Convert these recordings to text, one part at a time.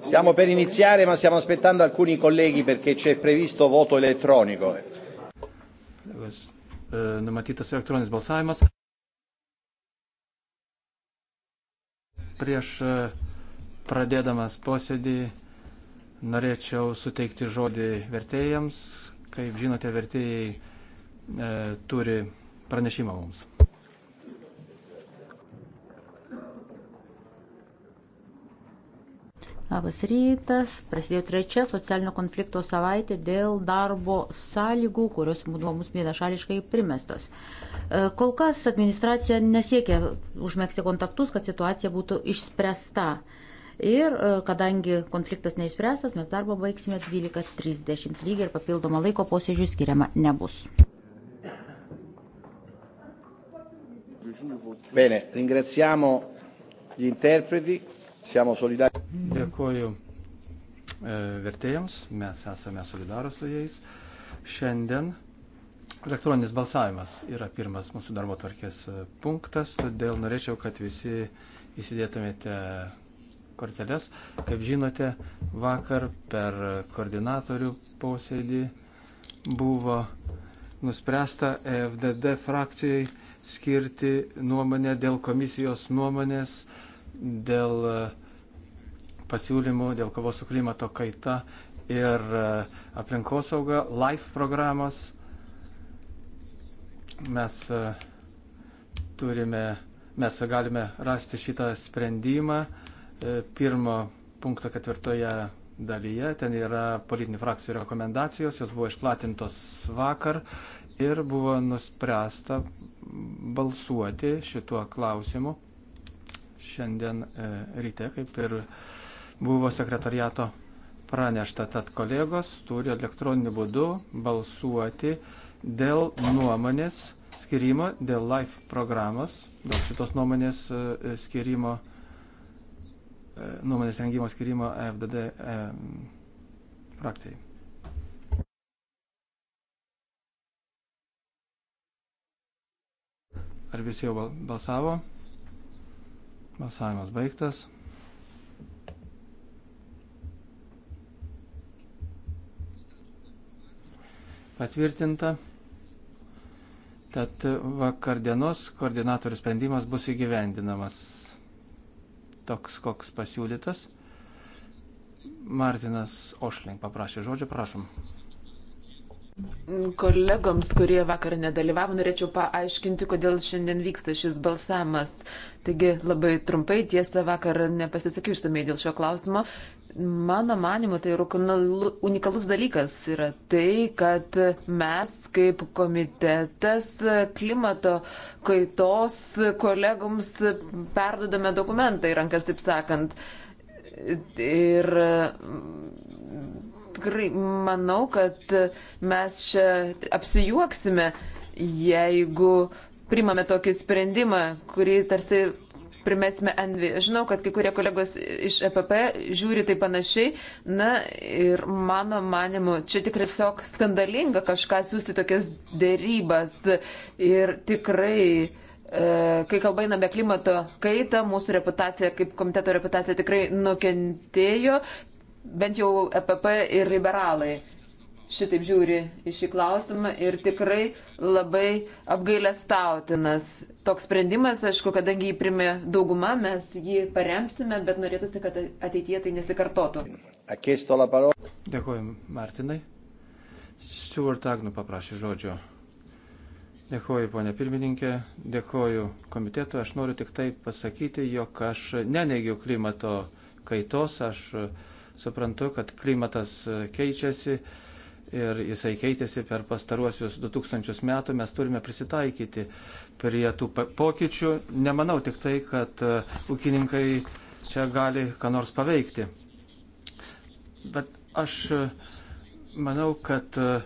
Stiamo per iniziare, ma stiamo aspettando alcuni colleghi perché c'è previsto voto elettronico. Uh, numatytas elektroninis balsavimas. Prieš uh, pradėdamas posėdį norėčiau suteikti žodį vertėjams. Kaip žinote, vertėjai e, turi pranešimą mums. Labas rytas. Prasidėjo trečia socialinio konflikto savaitė dėl darbo sąlygų, kurios buvo mums vienašališkai primestos. E, kol kas administracija nesiekia užmėgsti kontaktus, kad situacija būtų išspręsta. Ir e, kadangi konfliktas neišspręstas, mes darbą baigsime 12.30 lygiai ir papildomą laiko posėdžių skiriama nebus. Bene, ringraziamo gli interpreti. Siamo solidari. Dėkoju e, vertėjams, mes esame solidarus su jais. Šiandien elektroninis balsavimas yra pirmas mūsų darbo tvarkės e, punktas, todėl norėčiau, kad visi įsidėtumėte korteles. Kaip žinote, vakar per koordinatorių posėdį buvo nuspręsta e FDD frakcijai skirti nuomonę dėl komisijos nuomonės, dėl uh, pasiūlymų dėl kovos su klimato kaita ir e, aplinkosauga, LIFE programos. Mes e, turime, mes galime rasti šitą sprendimą e, pirmo punkto ketvirtoje dalyje. Ten yra politinių frakcijų rekomendacijos, jos buvo išplatintos vakar ir buvo nuspręsta balsuoti šituo klausimu šiandien ryte, kaip ir buvo sekretariato pranešta, tad kolegos turi elektroniniu būdu balsuoti dėl nuomonės skirimo, dėl LIFE programos, dėl šitos nuomonės e, e, skirimo, e, nuomonės rengimo skirimo FDD frakcijai. Ar visi jau balsavo? Balsavimas baigtas. patvirtinta. Tad vakar dienos koordinatorių sprendimas bus įgyvendinamas toks, koks pasiūlytas. Martinas Ošlink paprašė žodžio, prašom. Kolegoms, kurie vakar nedalyvavo, norėčiau paaiškinti, kodėl šiandien vyksta šis balsavimas. Taigi labai trumpai, tiesa, vakar nepasisakiau išsamei dėl šio klausimo, Mano manimu, tai yra unikalus dalykas yra tai, kad mes kaip komitetas klimato kaitos kolegoms perdodame dokumentą į rankas, taip sakant. Ir mm, tikrai manau, kad mes čia apsijuoksime, jeigu primame tokį sprendimą, kurį tarsi primesime Envi. Žinau, kad kai kurie kolegos iš EPP žiūri tai panašiai. Na ir mano manimu, čia tikrai tiesiog skandalinga kažką siūsti tokias dėrybas. Ir tikrai, e, kai kalba eina apie klimato kaitą, mūsų reputacija, kaip komiteto reputacija tikrai nukentėjo, bent jau EPP ir liberalai šitaip žiūri į šį klausimą ir tikrai labai apgailestautinas. Toks sprendimas, aišku, kadangi jį primė dauguma, mes jį paremsime, bet norėtųsi, kad ateityje tai nesikartotų. Dėkuoju, Martinai. Stuart Agnu paprašė žodžio. Dėkuoju, ponė pirmininkė, dėkuoju komitetu. Aš noriu tik tai pasakyti, jog aš neneigiu klimato kaitos, aš suprantu, kad klimatas keičiasi ir jisai keitėsi per pastaruosius 2000 metų, mes turime prisitaikyti prie tų pokyčių. Nemanau tik tai, kad e, ūkininkai čia gali ką nors paveikti. Bet aš e, manau, kad e,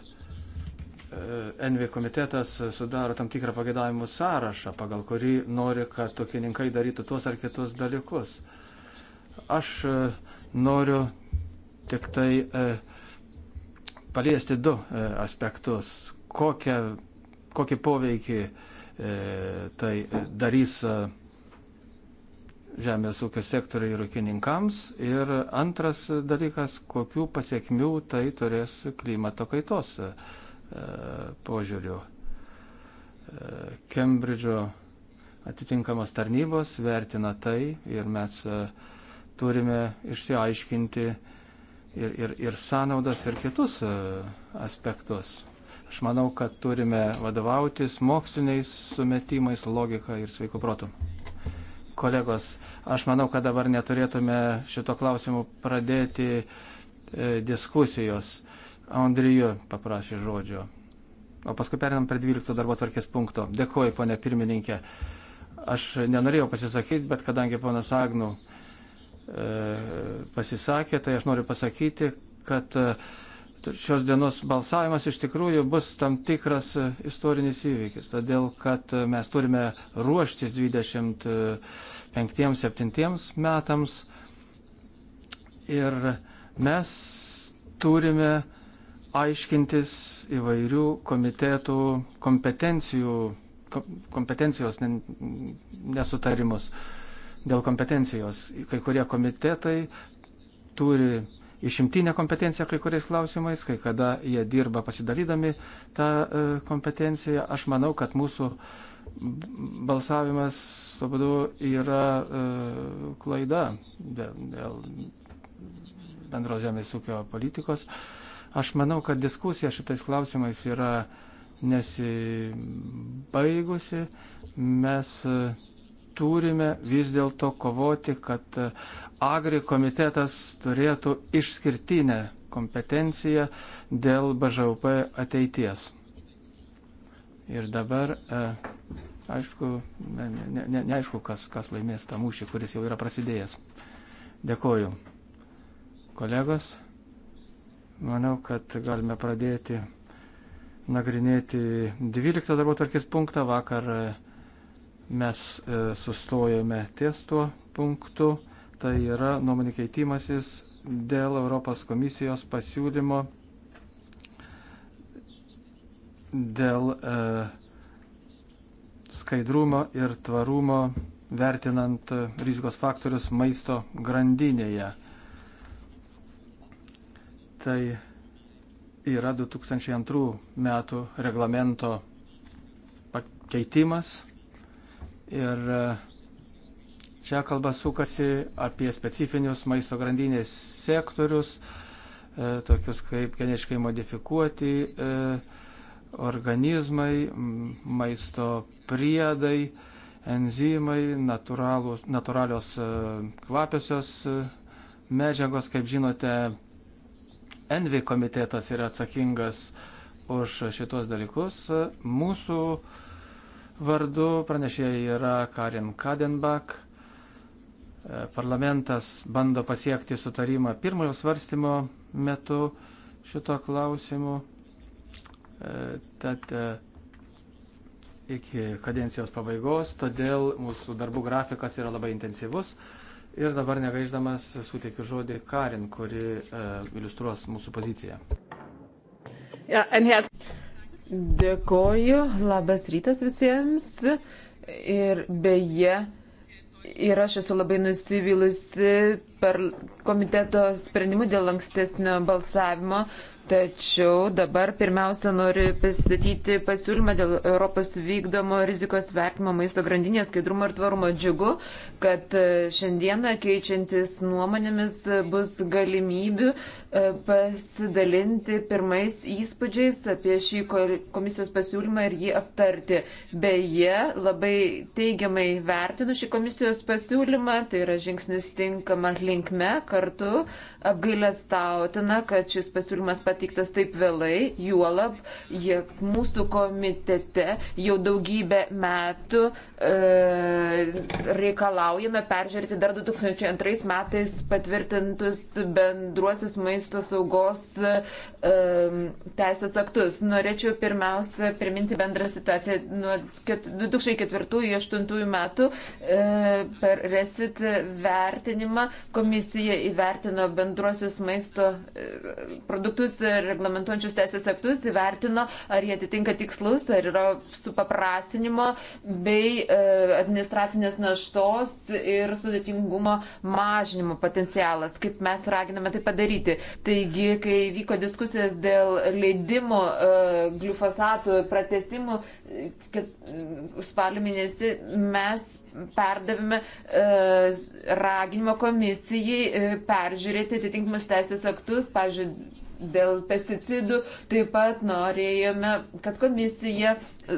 NV komitetas sudaro tam tikrą pagėdavimų sąrašą, pagal kurį nori, kad ūkininkai darytų tuos ar kitus dalykus. Aš noriu tik tai uh, paliesti du e, aspektus. Kokią, kokį poveikį e, tai darys e, žemės ūkio sektoriai ir ūkininkams. Ir antras dalykas, kokių pasiekmių tai turės klimato kaitos požiūriu. Kembridžo atitinkamos tarnybos vertina tai ir mes turime išsiaiškinti, ir, ir, ir sąnaudas, ir kitus e, aspektus. Aš manau, kad turime vadovautis moksliniais sumetimais, logika ir sveiku protu. Kolegos, aš manau, kad dabar neturėtume šito klausimu pradėti e, diskusijos. Andriju paprašė žodžio. O paskui perinam prie 12 darbo tvarkės punkto. Dėkuoju, ponė pirmininkė. Aš nenorėjau pasisakyti, bet kadangi ponas Agnų E, pasisakė, tai aš noriu pasakyti, kad e, šios dienos balsavimas iš tikrųjų bus tam tikras e, istorinis įvykis, todėl kad mes turime ruoštis 25-7 metams ir mes turime aiškintis įvairių komitetų kompetencijų, kompetencijos nesutarimus. Ne dėl kompetencijos. Kai kurie komitetai turi išimtinę kompetenciją kai kuriais klausimais, kai kada jie dirba pasidalydami tą e, kompetenciją. Aš manau, kad mūsų balsavimas tuo būdu yra e, klaida dėl bendro žemės ūkio politikos. Aš manau, kad diskusija šitais klausimais yra nesibaigusi. Mes uh, turime vis dėlto kovoti, kad e, Agri komitetas turėtų išskirtinę kompetenciją dėl BŽUP ateities. Ir dabar, e, aišku, neaišku, ne, ne, ne aišku, kas, kas laimės tą mūšį, kuris jau yra prasidėjęs. Dėkoju. Kolegos, manau, kad galime pradėti nagrinėti 12 darbo tvarkės punktą. Vakar e, mes e, sustojome ties tuo punktu. Tai yra nuomonė keitimasis dėl Europos komisijos pasiūlymo dėl e, skaidrumo ir tvarumo vertinant rizikos faktorius maisto grandinėje. Tai yra 2002 metų reglamento keitimas Ir e, čia kalba sukasi apie specifinius maisto grandinės sektorius, e, tokius kaip geniškai modifikuoti e, organizmai, maisto priedai, enzimai, natūralios kvapiosios medžiagos, kaip žinote, Envi komitetas yra atsakingas už šitos dalykus. Mūsų uh, vardu, pranešėjai yra Karin Kadenbach. E, parlamentas bando pasiekti sutarimą pirmojo svarstymo metu šito klausimu. E, tad e, iki kadencijos pabaigos, todėl mūsų darbų grafikas yra labai intensyvus. Ir dabar negaiždamas suteikiu žodį Karin, kuri uh, iliustruos mūsų poziciją. Ja, Dėkoju, labas rytas visiems. Ir beje, ir aš esu labai nusivylusi per komiteto sprendimu dėl ankstesnio balsavimo. Tačiau dabar pirmiausia noriu pristatyti pasiūlymą dėl Europos vykdomo rizikos vertimo maisto grandinės skaidrumo ir tvarumo. Džiugu, kad e, šiandieną keičiantis nuomonėmis bus galimybių e, pasidalinti pirmais įspūdžiais apie šį komisijos pasiūlymą ir jį aptarti. Beje, labai teigiamai vertinu šį komisijos pasiūlymą, tai yra žingsnis tinkama linkme kartu Apgailestautina, kad šis pasiūlymas pateiktas taip vėlai, juolab, jog mūsų komitete jau daugybę metų e, reikalaujame peržiūrėti dar 2002 metais patvirtintus bendruosius maisto saugos e, teisės aktus. Norėčiau pirmiausia priminti bendrą situaciją nuo 2004-2008 metų e, per resit vertinimą komisija įvertino bendruosius bendruosius maisto e, produktus reglamentuojančius teisės aktus, įvertino, ar jie atitinka tikslus, ar yra supaprasinimo bei e, administracinės naštos ir sudėtingumo mažinimo potencialas, kaip mes raginame tai padaryti. Taigi, kai vyko diskusijas dėl leidimo e, glifosatų pratesimų spalio mėnesį, mes perdavime e, raginimo komisijai e, peržiūrėti atitinkamus teisės aktus, pažiūrėjau, dėl pesticidų. Taip pat norėjome, kad komisija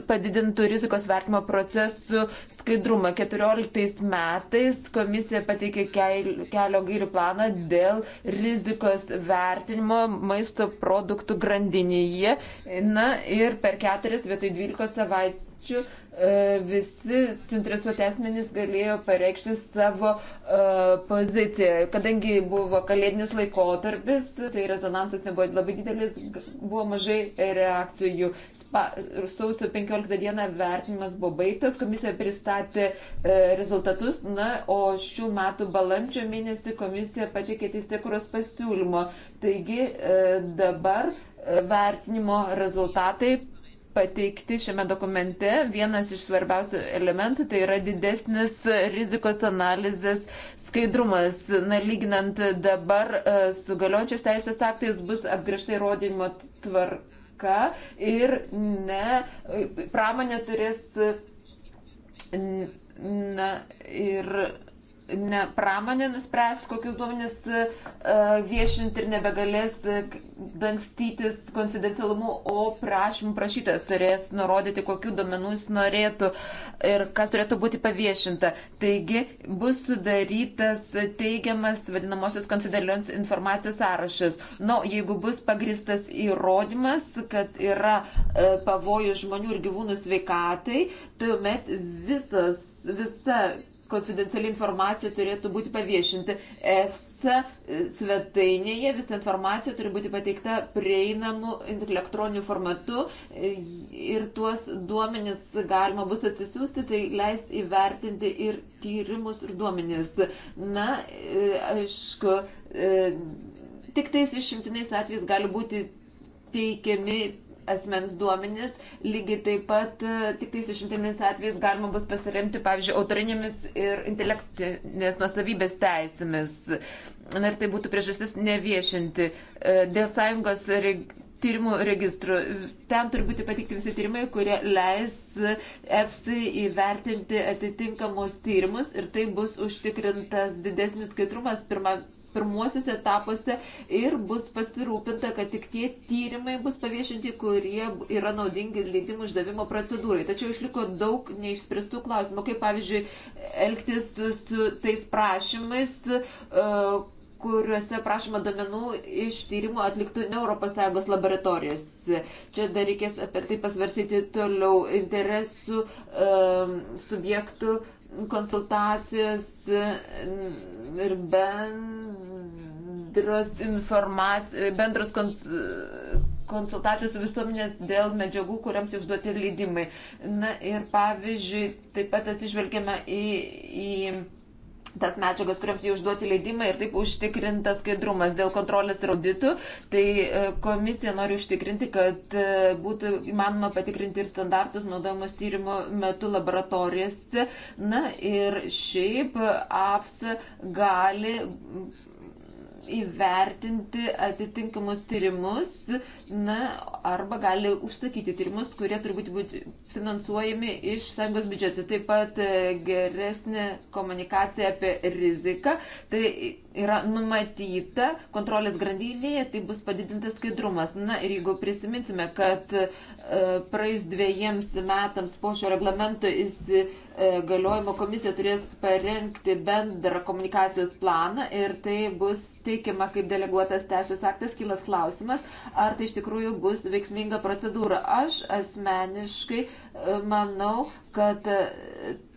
padidintų rizikos vertimo procesų skaidrumą. 14 metais komisija pateikė kelio gairių planą dėl rizikos vertinimo maisto produktų grandinėje. Na ir per 4 vietoj 12 savaičių pokyčių e, visi suinteresuoti asmenys galėjo pareikšti savo e, poziciją. Kadangi buvo kalėdinis laikotarpis, tai rezonansas nebuvo labai didelis, buvo mažai reakcijų. Spa, sausio 15 dieną vertinimas buvo baigtas, komisija pristatė e, rezultatus, na, o šių metų balandžio mėnesį komisija patikė teisėkuros pasiūlymo. Taigi dabar vertinimo rezultatai pateikti šiame dokumente. Vienas iš svarbiausių elementų tai yra didesnis rizikos analizės skaidrumas. Na, lyginant dabar e, su galiojančiais teisės aktais bus apgriežtai rodymo tvarka ir ne, pramonė turės. Na, ir ne, pramonė nuspręs, kokius duomenis e, viešinti ir nebegalės e, dangstytis konfidencialumu, o prašymų prašytojas turės nurodyti, kokiu duomenų jis norėtų ir kas turėtų būti paviešinta. Taigi bus sudarytas teigiamas vadinamosios konfidencialios informacijos sąrašas. Na, jeigu bus pagristas įrodymas, kad yra e, pavojus žmonių ir gyvūnų sveikatai, tuomet visos, visa konfidenciali informacija turėtų būti paviešinti. EFSA svetainėje visa informacija turi būti pateikta prieinamu elektroniniu formatu ir tuos duomenis galima bus atsisiųsti, tai leis įvertinti ir tyrimus ir duomenis. Na, e, aišku, e, tik tais išimtiniais atvejais gali būti teikiami asmens duomenis, lygiai taip pat e, tik tais išimtiniais atvejais galima bus pasiremti, pavyzdžiui, autorinėmis ir intelektinės nusavybės teisėmis. Na ir tai būtų priežastis neviešinti. E, dėl sąjungos reg tyrimų registru. Ten turi būti patikti visi tyrimai, kurie leis EFSI įvertinti atitinkamus tyrimus ir tai bus užtikrintas didesnis skaidrumas pirmame pirmuosiuose etapuose ir bus pasirūpinta, kad tik tie tyrimai bus paviešinti, kurie yra naudingi leidimų išdavimo procedūrai. Tačiau išliko daug neišspręstų klausimų, kaip pavyzdžiui elgtis su tais prašymais, e, kuriuose prašoma domenų iš tyrimų atliktų ne ES laboratorijose. Čia dar reikės apie tai pasvarsyti toliau interesų um, subjektų uh, konsultacijos ir bendros informacijos, bendros kons, konsultacijos su visuomenės dėl medžiagų, kuriams išduoti leidimai. Na ir pavyzdžiui, taip pat atsižvelgiame į, į tas medžiagas, kuriams jau užduoti leidimai ir taip užtikrinta skaidrumas dėl kontrolės ir auditų. Tai e, komisija nori užtikrinti, kad e, būtų įmanoma patikrinti ir standartus naudojamos tyrimo metu laboratorijose. Na ir šiaip AFS gali įvertinti atitinkamus tyrimus na, arba gali užsakyti tyrimus, kurie turbūt būti finansuojami iš sąjungos biudžeto. Taip pat e, geresnė komunikacija apie riziką. Tai yra numatyta kontrolės grandinėje, tai bus padidintas skaidrumas. Na ir jeigu prisiminsime, kad e, praeis dviejiems metams po šio reglamento įsitikti, galiojimo komisija turės parengti bendrą komunikacijos planą ir tai bus teikiama kaip deleguotas teisės aktas, kilas klausimas, ar tai iš tikrųjų bus veiksminga procedūra. Aš asmeniškai e, manau, kad e,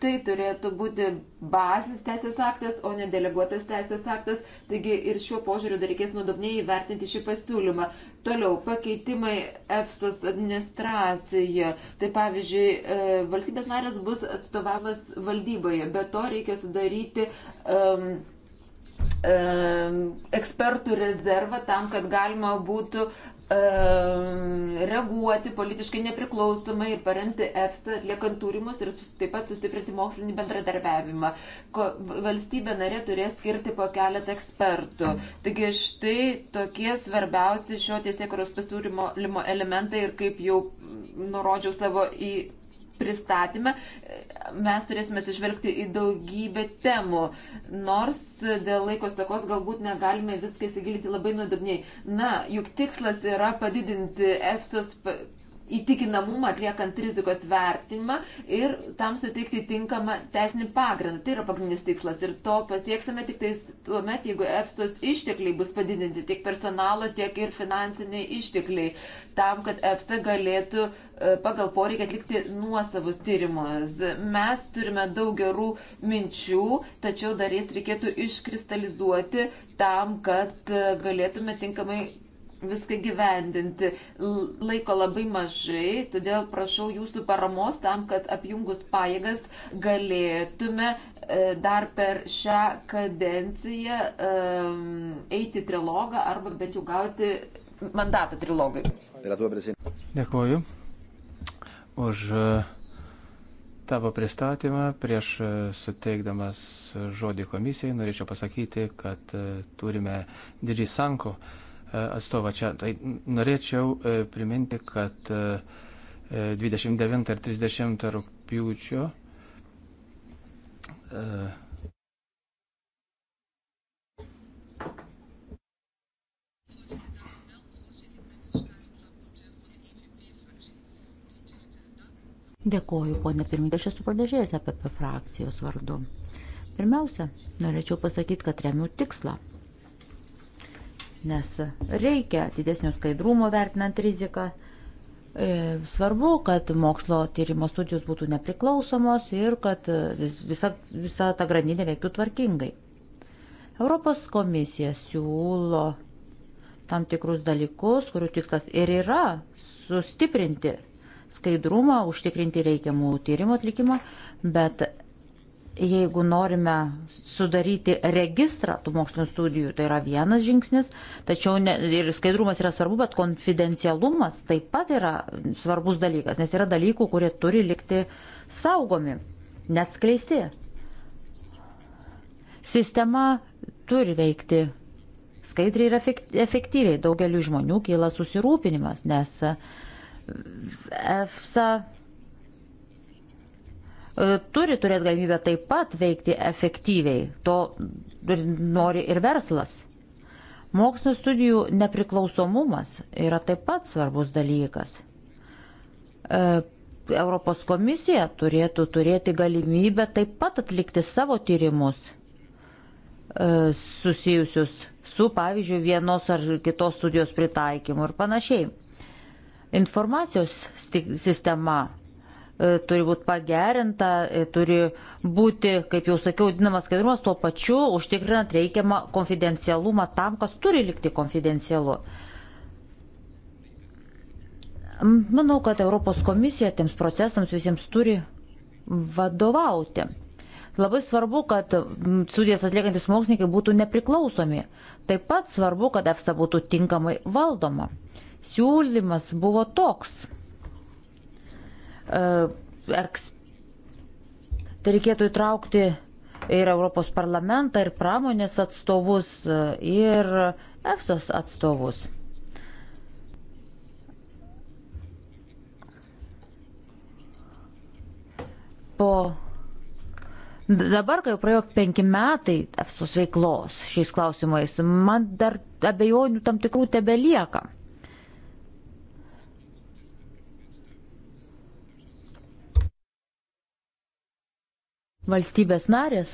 tai turėtų būti bazinis teisės aktas, o ne deleguotas teisės aktas. Taigi ir šiuo požiūriu dar reikės nuodobniai įvertinti šį pasiūlymą. Toliau pakeitimai EFSOS administracija. Tai pavyzdžiui, e, valstybės narės bus atstovavimas valdyboje. Be to reikia sudaryti. Um, ekspertų rezervą tam, kad galima būtų Ehm, reaguoti politiškai nepriklausomai ir paremti EFSA atliekant turimus ir taip pat sustiprinti mokslinį bendradarbiavimą. Ko, valstybė narė turės skirti po keletą ekspertų. Taigi štai tokie svarbiausi šio tiesiekuros pasiūlymo elementai ir kaip jau nurodžiau savo į pristatymą mes turėsime atsižvelgti į daugybę temų, nors dėl laikos tokos galbūt negalime viską įsigilinti labai nuodugniai. Na, juk tikslas yra padidinti EFSOS įtikinamumą atliekant rizikos vertinimą ir tam suteikti tinkamą teisinį pagrindą. Tai yra pagrindinis tikslas ir to pasieksime tik tais tuo met, jeigu EFSOS ištekliai bus padidinti tiek personalo, tiek ir finansiniai ištekliai, tam, kad EFSA galėtų e, pagal poreikį atlikti nuosavus tyrimus. Mes turime daug gerų minčių, tačiau dar jas reikėtų iškristalizuoti tam, kad e, galėtume tinkamai viską gyvendinti. Laiko labai mažai, todėl prašau jūsų paramos tam, kad apjungus pajėgas galėtume e, dar per šią kadenciją eiti trilogą arba bent jau gauti mandatą trilogui. Dėkuoju už e, tavo pristatymą. Prieš e, suteikdamas žodį komisijai norėčiau pasakyti, kad turime didžiai sanko atstovą čia. Tai norėčiau e, priminti, kad 29 e, e, ir 30 rūpjūčio Dėkoju, ponė pirmininkė, aš esu pradėžėjęs apie frakcijos vardu. Pirmiausia, norėčiau pasakyti, kad remiu tikslą nes reikia didesnio skaidrumo vertinant riziką. E, svarbu, kad mokslo tyrimo studijos būtų nepriklausomos ir kad vis, visa, visa ta grandinė veiktų tvarkingai. Europos komisija siūlo tam tikrus dalykus, kurių tikslas ir yra sustiprinti skaidrumą, užtikrinti reikiamų tyrimų atlikimą, bet jeigu norime sudaryti registrą tų mokslinio studijų, tai yra vienas žingsnis, tačiau ne, ir skaidrumas yra svarbu, bet konfidencialumas taip pat yra svarbus dalykas, nes yra dalykų, kurie turi likti saugomi, net skleisti. Sistema turi veikti skaidriai ir efektyviai. Daugeliu žmonių kyla susirūpinimas, nes EFSA E, turi turėti galimybę taip pat veikti efektyviai. To nori ir verslas. Mokslo studijų nepriklausomumas yra taip pat svarbus dalykas. E, Europos komisija turėtų turėti galimybę taip pat atlikti savo tyrimus e, susijusius su, pavyzdžiui, vienos ar kitos studijos pritaikymu ir panašiai. Informacijos sistema E, turi būti pagerinta, e, turi būti, kaip jau sakiau, dinamas skaidrumas tuo pačiu, užtikrinant reikiamą konfidencialumą tam, kas turi likti konfidencialu. Manau, kad Europos komisija tiems procesams visiems turi vadovauti. Labai svarbu, kad studijas atliekantis mokslininkai būtų nepriklausomi. Taip pat svarbu, kad EFSA būtų tinkamai valdoma. Siūlymas buvo toks eks... tai reikėtų įtraukti ir Europos parlamentą, ir pramonės atstovus, e, ir EFSOS atstovus. Po Dabar, kai jau praėjo penki metai EFSOS veiklos šiais klausimais, man dar abejonių tam tikrų tebelieka. lieka. Valstybės narės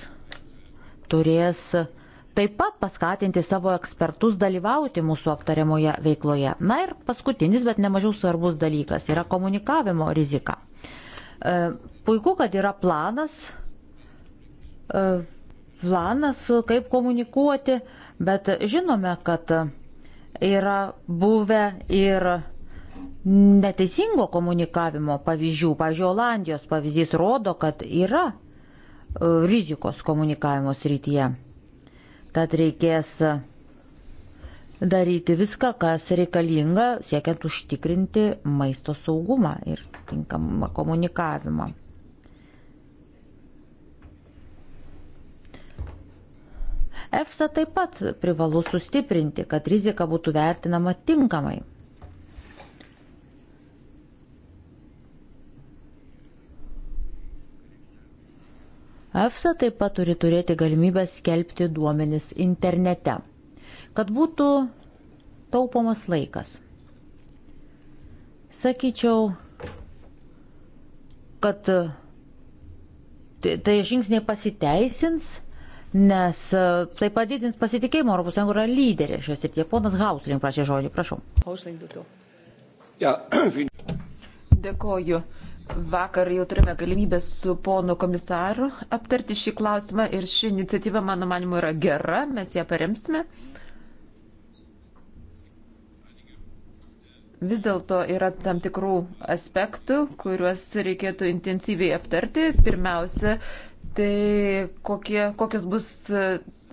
turės taip pat paskatinti savo ekspertus dalyvauti mūsų aptariamoje veikloje. Na ir paskutinis, bet nemažiau svarbus dalykas yra komunikavimo rizika. E, puiku, kad yra planas, e, planas kaip komunikuoti, bet žinome, kad yra buvę ir neteisingo komunikavimo pavyzdžių. Pavyzdžiui, Olandijos pavyzdys rodo, kad yra E, rizikos komunikavimo srityje. Tad reikės daryti viską, kas reikalinga, siekiant užtikrinti maisto saugumą ir tinkamą komunikavimą. EFSA taip pat privalu sustiprinti, kad rizika būtų vertinama tinkamai. EFSA taip pat turi turėti galimybę skelbti duomenis internete, kad būtų taupomas laikas. Sakyčiau, kad tai, tai žingsniai pasiteisins, nes e, tai padidins pasitikėjimą ES yra lyderė šios ir tie. Ponas Hausling prašė žodį, prašau. Ja. Dėkoju. Vakar jau turime galimybę su ponu komisaru aptarti šį klausimą ir ši iniciatyva, mano manimu, yra gera, mes ją paremsime. Vis dėlto yra tam tikrų aspektų, kuriuos reikėtų intensyviai aptarti. Pirmiausia, tai kokie, kokios bus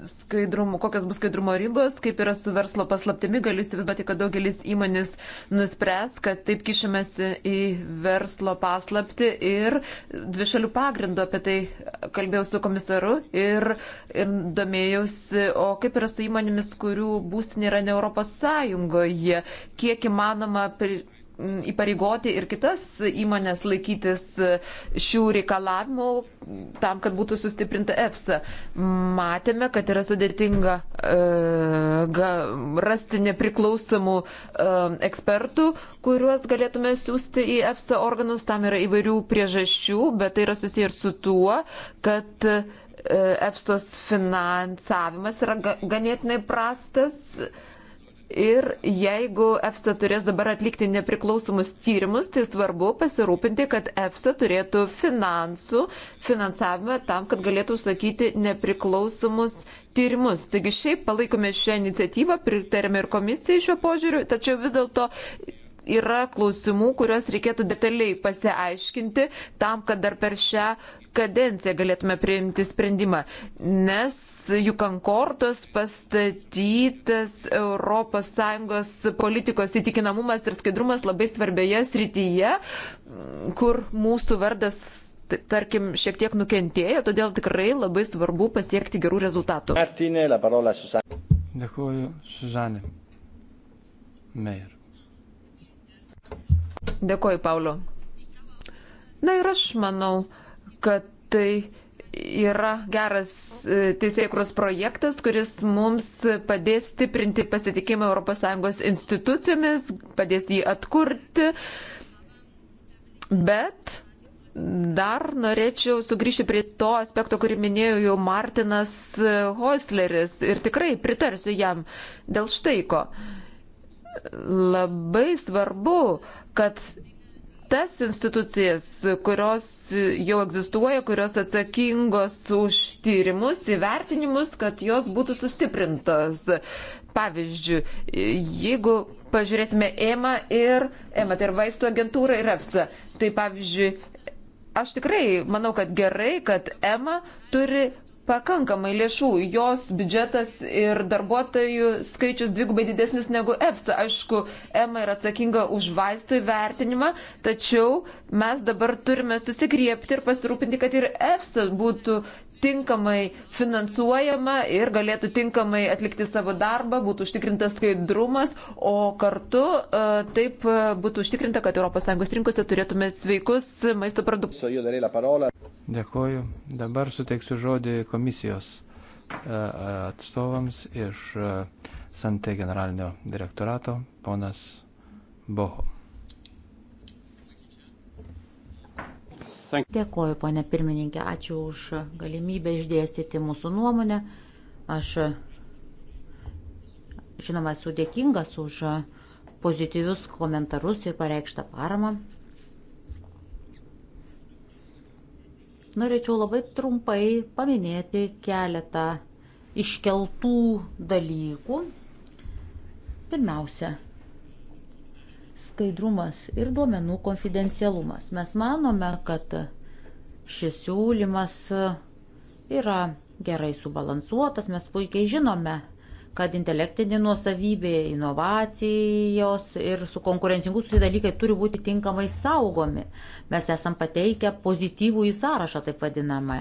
skaidrumo, kokios bus skaidrumo ribos, kaip yra su verslo paslaptimi, galiu įsivaizduoti, kad daugelis įmonės nuspręs, kad taip kišimėsi į verslo paslapti ir dvišalių pagrindų apie tai kalbėjau su komisaru ir, ir domėjausi, o kaip yra su įmonėmis, kurių būsinė yra ne Europos Sąjungoje, kiek įmanoma pri, Mm, įpareigoti ir kitas įmonės laikytis e, šių reikalavimų tam, kad būtų sustiprinta EFSA. Matėme, kad yra sudėtinga e, rasti nepriklausomų e, ekspertų, kuriuos galėtume siūsti į EFSA organus. Tam yra įvairių priežasčių, bet tai yra susiję ir su tuo, kad e, EFSOS finansavimas yra ganėtinai prastas. E, Ir jeigu EFSA turės dabar atlikti nepriklausomus tyrimus, tai svarbu pasirūpinti, kad EFSA turėtų finansų, finansavimą tam, kad galėtų užsakyti nepriklausomus tyrimus. Taigi šiaip palaikome šią iniciatyvą, pritarėme ir komisijai šio požiūriu, tačiau vis dėlto yra klausimų, kuriuos reikėtų detaliai pasiaiškinti tam, kad dar per šią kadenciją galėtume priimti sprendimą, nes juk ankortos pastatytas ES politikos įtikinamumas ir skaidrumas labai svarbioje srityje, kur mūsų vardas tarkim, šiek tiek nukentėjo, todėl tikrai labai svarbu pasiekti gerų rezultatų. Martinė, la parola Susanė. Dėkuoju, Susanė. Meir. Dėkuoju, Pauliu. Na ir aš manau, kad tai yra geras e, teisėkuros projektas, kuris mums padės stiprinti pasitikimą ES institucijomis, padės jį atkurti. Bet dar norėčiau sugrįžti prie to aspekto, kurį minėjo jau Martinas Hoisleris ir tikrai pritarsiu jam dėl štai ko. Labai svarbu, kad tas institucijas, kurios jau egzistuoja, kurios atsakingos už tyrimus, įvertinimus, kad jos būtų sustiprintos. Pavyzdžiui, jeigu pažiūrėsime EMA ir EMA, tai ir vaistų agentūra ir EFSA, tai pavyzdžiui, aš tikrai manau, kad gerai, kad EMA turi pakankamai lėšų. Jos biudžetas ir darbuotojų skaičius dvigubai didesnis negu EFSA. Aišku, EMA yra atsakinga už vaistų įvertinimą, tačiau mes dabar turime susikriepti ir pasirūpinti, kad ir EFSA būtų tinkamai finansuojama ir galėtų tinkamai atlikti savo darbą, būtų užtikrintas skaidrumas, o kartu e, taip e, būtų užtikrinta, kad ES rinkose turėtume sveikus maisto produktus. Dėkuoju. Dabar suteiksiu žodį komisijos e, atstovams iš e, Sante generalinio direktorato, ponas Boho. Dėkuoju, ponė pirmininkė, ačiū už galimybę išdėstyti mūsų nuomonę. Aš, žinoma, esu dėkingas už pozityvius komentarus ir pareikštą paramą Norėčiau labai trumpai paminėti keletą iškeltų dalykų. Pirmiausia, skaidrumas ir duomenų konfidencialumas. Mes manome, kad šis siūlymas yra gerai subalansuotas, mes puikiai žinome, kad intelektinė nuosavybė, inovacijos ir su konkurencingus dalykai turi būti tinkamai saugomi. Mes esam pateikę pozityvų į sąrašą, taip vadinamą.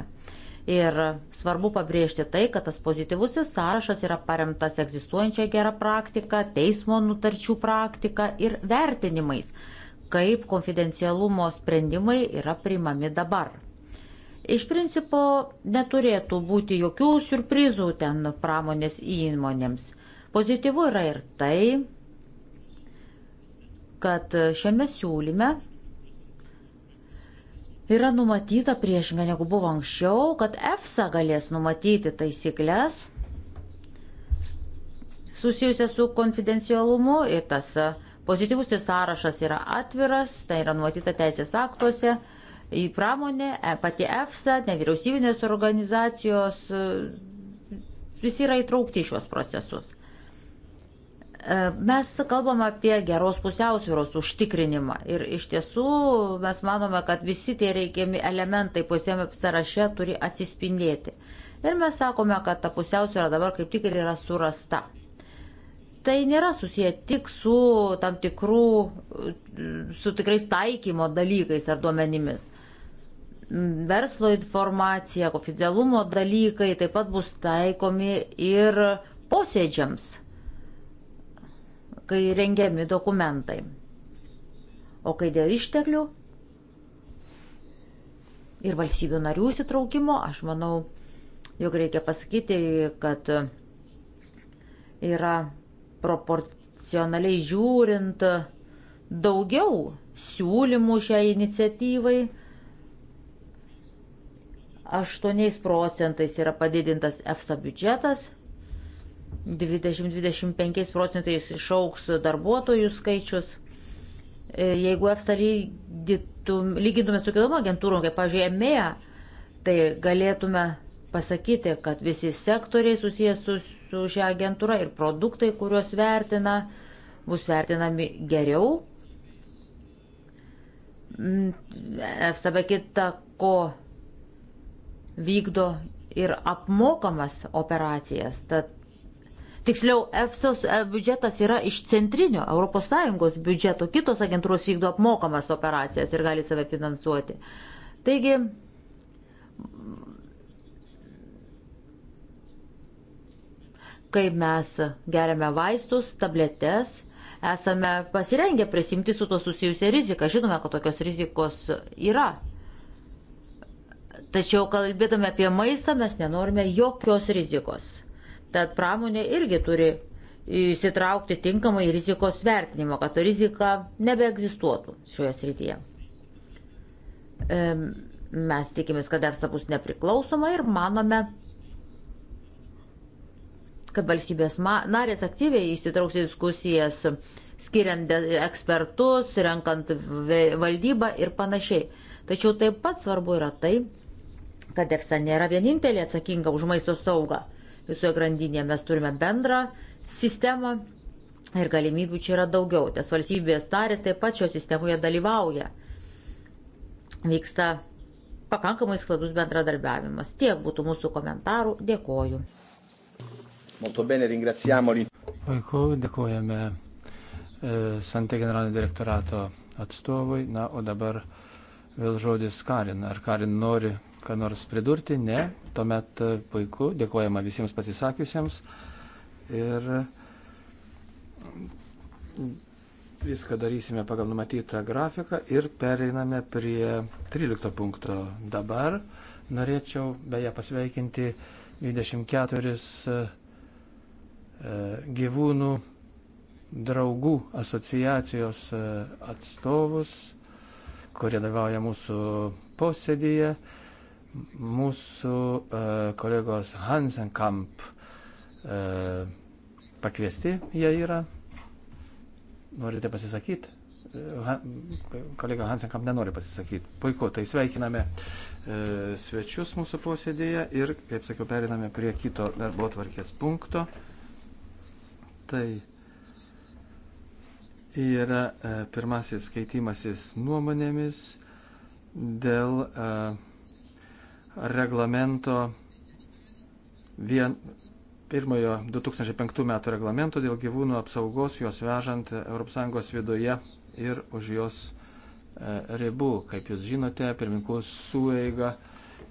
Ir svarbu pabrėžti tai, kad tas pozityvusis sąrašas yra paremtas egzistuojančia gera praktika, teismo nutarčių praktika ir vertinimais, kaip konfidencialumo sprendimai yra priimami dabar. Iš principo neturėtų būti jokių surprizų ten pramonės įmonėms. Pozityvu yra ir tai, kad šiame siūlyme yra numatyta priešinga negu buvo anksčiau, kad EFSA galės numatyti taisyklės susijusias su konfidencialumu ir tas pozityvus sąrašas yra atviras, tai yra numatyta teisės aktuose į pramonę, e, pati EFSA, nevyriausybinės organizacijos, e, visi yra įtraukti į šios procesus. E, mes kalbam apie geros pusiausvėros užtikrinimą ir iš tiesų mes manome, kad visi tie reikiami elementai pusėme sąraše turi atsispindėti. Ir mes sakome, kad ta pusiausvėra dabar kaip tik ir yra surasta. Tai nėra susiję tik su tam tikrų, su tikrais taikymo dalykais ar duomenimis verslo informacija, konfidelumo dalykai taip pat bus taikomi ir posėdžiams, kai rengiami dokumentai. O kai dėl išteklių ir valstybių narių įsitraukimo, aš manau, jog reikia pasakyti, kad yra proporcionaliai žiūrint daugiau siūlymų šiai iniciatyvai 8 procentais yra padidintas EFSA biudžetas, 20-25 procentais išauks darbuotojų skaičius. E, jeigu EFSA lygintume su kitom agentūrom, kaip, pavyzdžiui, EMEA, tai galėtume pasakyti, kad visi sektoriai susijęs su, su šią agentūrą ir produktai, kuriuos vertina, bus vertinami geriau. Mm, EFSA be kita ko vykdo ir apmokamas operacijas. Tad, tiksliau, EFSOS e, biudžetas yra iš centrinio ES biudžeto, kitos agentūros vykdo apmokamas operacijas ir gali save finansuoti. Taigi, kai mes geriame vaistus, tabletes, esame pasirengę prisimti su to susijusią riziką. Žinome, kad tokios rizikos yra Tačiau, kalbėdami apie maistą, mes nenorime jokios rizikos. Tad pramonė irgi turi įsitraukti tinkamai rizikos vertinimo, kad rizika nebeegzistuotų šioje srityje. Mes tikimės, kad EFSA bus nepriklausoma ir manome, kad valstybės narės aktyviai įsitrauks į diskusijas, skiriant ekspertus, renkant valdybą ir panašiai. Tačiau taip pat svarbu yra tai, kad EFSA nėra vienintelė atsakinga už maisto saugą. Visoje grandinėje mes turime bendrą sistemą ir galimybių čia yra daugiau, nes valstybės narės taip pat šio sistemoje dalyvauja. Vyksta pakankamai skladus bendradarbiavimas. Tiek būtų mūsų komentarų. Dėkoju. Puiku, dėkojame e, Santė generalinio direktorato atstovui. Na, o dabar vėl žodis Karin. Ar Karin nori ką nors pridurti? Ne. Tuomet e, puiku, dėkojama visiems pasisakiusiems. Ir mm, viską darysime pagal numatytą grafiką ir pereiname prie 13 punkto. Dabar norėčiau beje pasveikinti 24 e, e, gyvūnų draugų asociacijos atstovus, kurie dalyvauja mūsų posėdėje mūsų e, kolegos Hansenkamp e, pakviesti jie yra. Norite pasisakyti? Kolega Hansenkamp nenori pasisakyti. Puiku, tai sveikiname e, svečius mūsų posėdėje ir, kaip sakiau, periname prie kito darbo tvarkės punkto. Tai yra pirmasis keitimasis nuomonėmis dėl uh, reglamento vien, pirmojo 2005 metų reglamento dėl gyvūnų apsaugos juos vežant ES viduje ir už jos e, ribų. Kaip jūs žinote, pirmininkų sueiga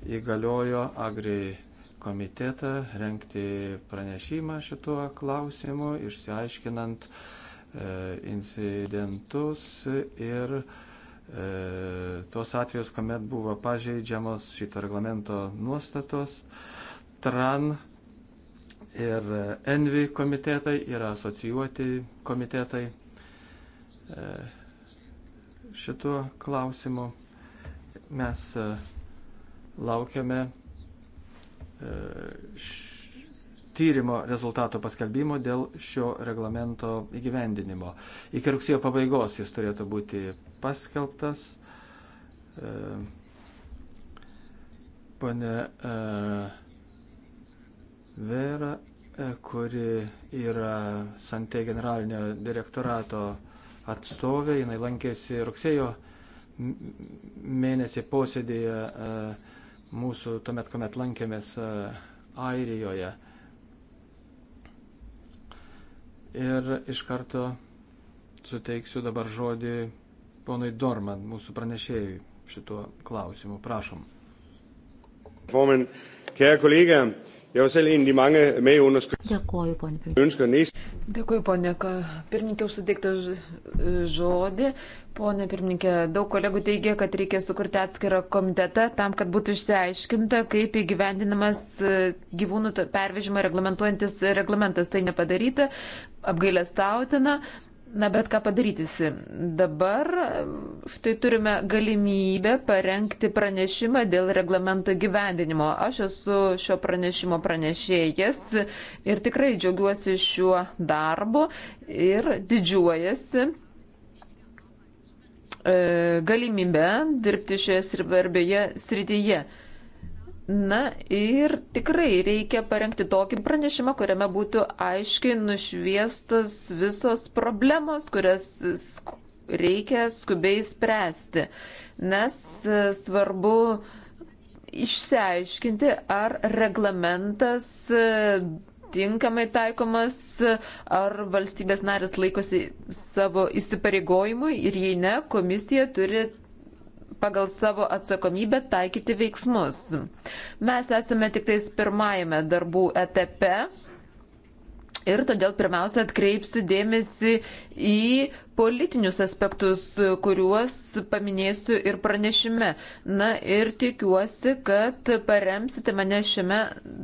įgaliojo Agri komitetą renkti pranešimą šituo klausimu, išsiaiškinant e, incidentus ir E, tuos atvejus, kuomet buvo pažeidžiamos šito reglamento nuostatos. TRAN ir ENVI komitetai yra asocijuoti komitetai e, šituo klausimu. Mes e, laukiame tyrimo rezultato paskelbimo dėl šio reglamento įgyvendinimo. Iki rugsėjo pabaigos jis turėtų būti paskelbtas. E, Pane e, Vera, e, kuri yra Santė generalinio direktorato atstovė, jinai lankėsi rugsėjo mėnesį posėdėje mūsų tuomet, kuomet lankėmės Airijoje. Ir iš karto suteiksiu dabar žodį ponui Dorman, mūsų pranešėjui šituo klausimu. Prašom. Formand, kære kollega, jeg var selv en af de mange medunderskrifter. Dėkuoju, ponė pirmininkė. Dėkuoju, ponė pirmininkė, už suteiktą žodį. Pone pirmininkė, daug kolegų teigia, kad reikia sukurti atskirą komitetą tam, kad būtų išsiaiškinta, kaip įgyvendinamas e, gyvūnų pervežimą reglamentuojantis reglamentas. Tai nepadaryta, apgailestautina. Na bet ką padarytisi. Dabar štai turime galimybę parengti pranešimą dėl reglamento gyvendinimo. Aš esu šio pranešimo pranešėjas ir tikrai džiaugiuosi šiuo darbu ir didžiuojasi e, galimybę dirbti šioje svarbioje srityje. Na ir tikrai reikia parengti tokį pranešimą, kuriame būtų aiškiai nušviestos visos problemos, kurias reikia skubiai spręsti. Nes e, svarbu išsiaiškinti, ar reglamentas e, tinkamai taikomas, ar valstybės narės laikosi savo įsipareigojimui ir jei ne, komisija turi pagal savo atsakomybę taikyti veiksmus. Mes esame tik tais pirmajame darbų etape. Ir todėl pirmiausia atkreipsiu dėmesį į politinius aspektus, kuriuos paminėsiu ir pranešime. Na ir tikiuosi, kad paremsite mane šiame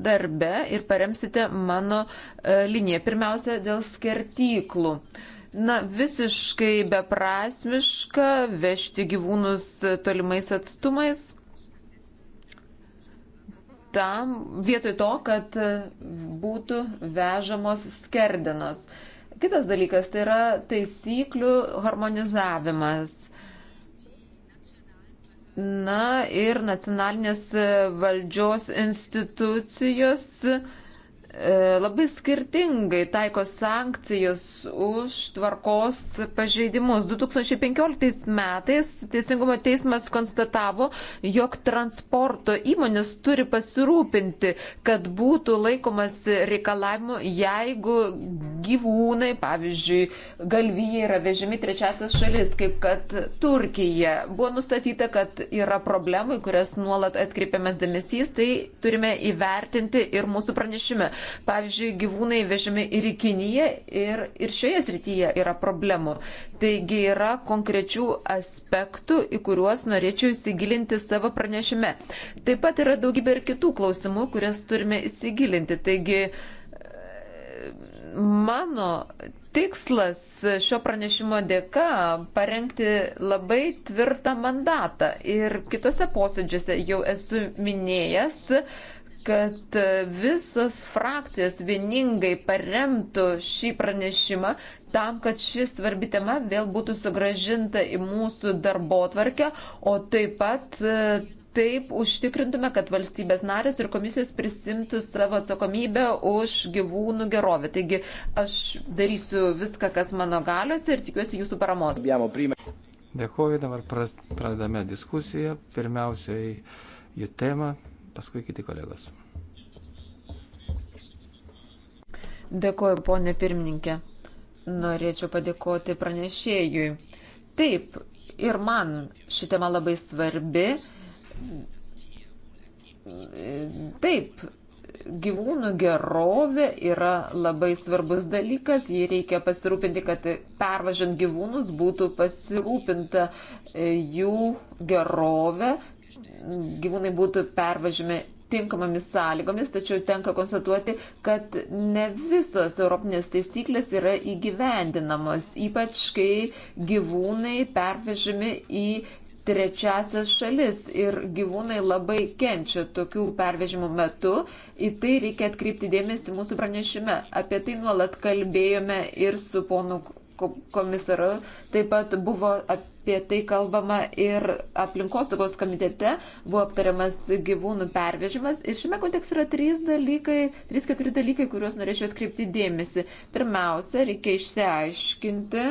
darbe ir paremsite mano e, liniją. Pirmiausia, dėl skirtyklų. Uh, na, visiškai beprasmiška vežti gyvūnus tolimais atstumais. Tam vietoj to, kad būtų vežamos skerdenos. Kitas dalykas tai yra taisyklių harmonizavimas. Na ir nacionalinės valdžios institucijos uh, E, labai skirtingai taiko sankcijas už tvarkos pažeidimus. 2015 metais Teisingumo teismas konstatavo, jog transporto įmonės turi pasirūpinti, kad būtų laikomas reikalavimu, jeigu gyvūnai, pavyzdžiui, galvijai yra vežimi trečiasis šalis, kaip kad Turkija. Buvo nustatyta, kad yra problemai, kurias nuolat atkreipiamas dėmesys, tai turime įvertinti ir mūsų pranešime. Pavyzdžiui, gyvūnai vežami ir į Kiniją ir, ir šioje srityje yra problemų. Taigi yra konkrečių aspektų, į kuriuos norėčiau įsigilinti savo pranešime. Taip pat yra daugybė ir kitų klausimų, kurias turime įsigilinti. Taigi, mano tikslas šio pranešimo dėka parengti labai tvirtą mandatą ir kitose posėdžiuose jau esu minėjęs, kad visos frakcijos vieningai paremtų šį pranešimą tam, kad ši svarbi tema vėl būtų sugražinta į mūsų darbo tvarkę, o taip pat e, taip užtikrintume, kad valstybės narės ir komisijos prisimtų savo atsakomybę už gyvūnų gerovę. Taigi aš darysiu viską, kas mano galiuose ir tikiuosi jūsų paramos. Dėkuoju, dabar pradedame diskusiją. Pirmiausiai jų temą, paskui kiti kolegos. Dėkoju, ponė pirmininkė. Norėčiau padėkoti pranešėjui. Taip, ir man ši tema labai svarbi. Taip, gyvūnų gerovė yra labai svarbus dalykas, jį reikia pasirūpinti, kad pervažiant gyvūnus būtų pasirūpinta e, jų gerovė, gyvūnai būtų pervažiami tinkamomis sąlygomis, tačiau tenka konstatuoti, kad ne visos europinės taisyklės yra įgyvendinamos, ypač kai gyvūnai pervežami į trečiasias šalis ir gyvūnai labai kenčia tokių pervežimų metu. Į tai reikia atkreipti dėmesį mūsų pranešime. Apie tai nuolat kalbėjome ir su ponu komisaru. Taip pat buvo apie tai kalbama ir aplinkosaugos komitete, buvo aptariamas gyvūnų pervežimas. Ir šiame kontekste yra trys dalykai, trys keturi dalykai, kuriuos norėčiau atkreipti dėmesį. Pirmiausia, reikia išsiaiškinti,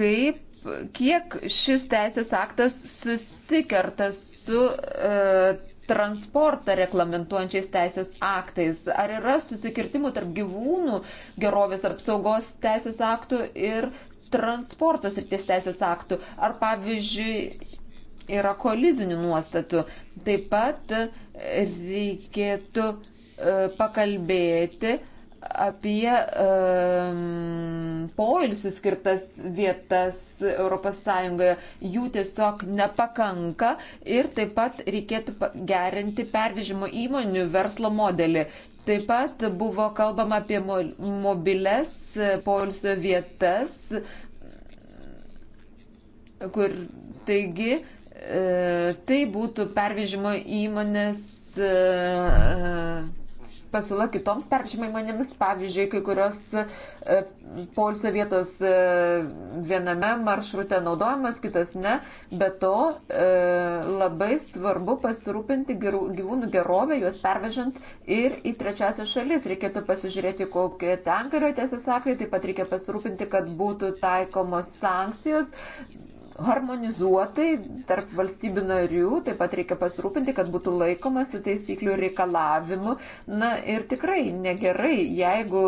kaip, kiek šis teisės aktas susikerta su. Uh, transportą reglamentuojančiais teisės aktais? Ar yra susikirtimų tarp gyvūnų gerovės apsaugos teisės aktų ir transportos ir ties teisės aktų? Ar pavyzdžiui yra kolizinių nuostatų? Taip pat reikėtų e, pakalbėti apie um, poilsių skirtas vietas ES. Jų tiesiog nepakanka ir taip pat reikėtų gerinti pervežimo įmonių verslo modelį. Taip pat buvo kalbama apie mo mobiles poilsio vietas, kur taigi e, tai būtų pervežimo įmonės. E, pasiūla kitoms pervežimai manėmis, pavyzdžiui, kai kurios e, polsio vietos e, viename maršrute naudojamas, kitas ne, bet to e, labai svarbu pasirūpinti gyvūnų gerovę, juos pervežant ir į trečiasias šalis. Reikėtų pasižiūrėti, kokie ten galioja teisės aktai, taip pat reikia pasirūpinti, kad būtų taikomos sankcijos harmonizuotai tarp valstybių narių, taip pat reikia pasirūpinti, kad būtų laikomasi taisyklių reikalavimų. Na ir tikrai negerai, jeigu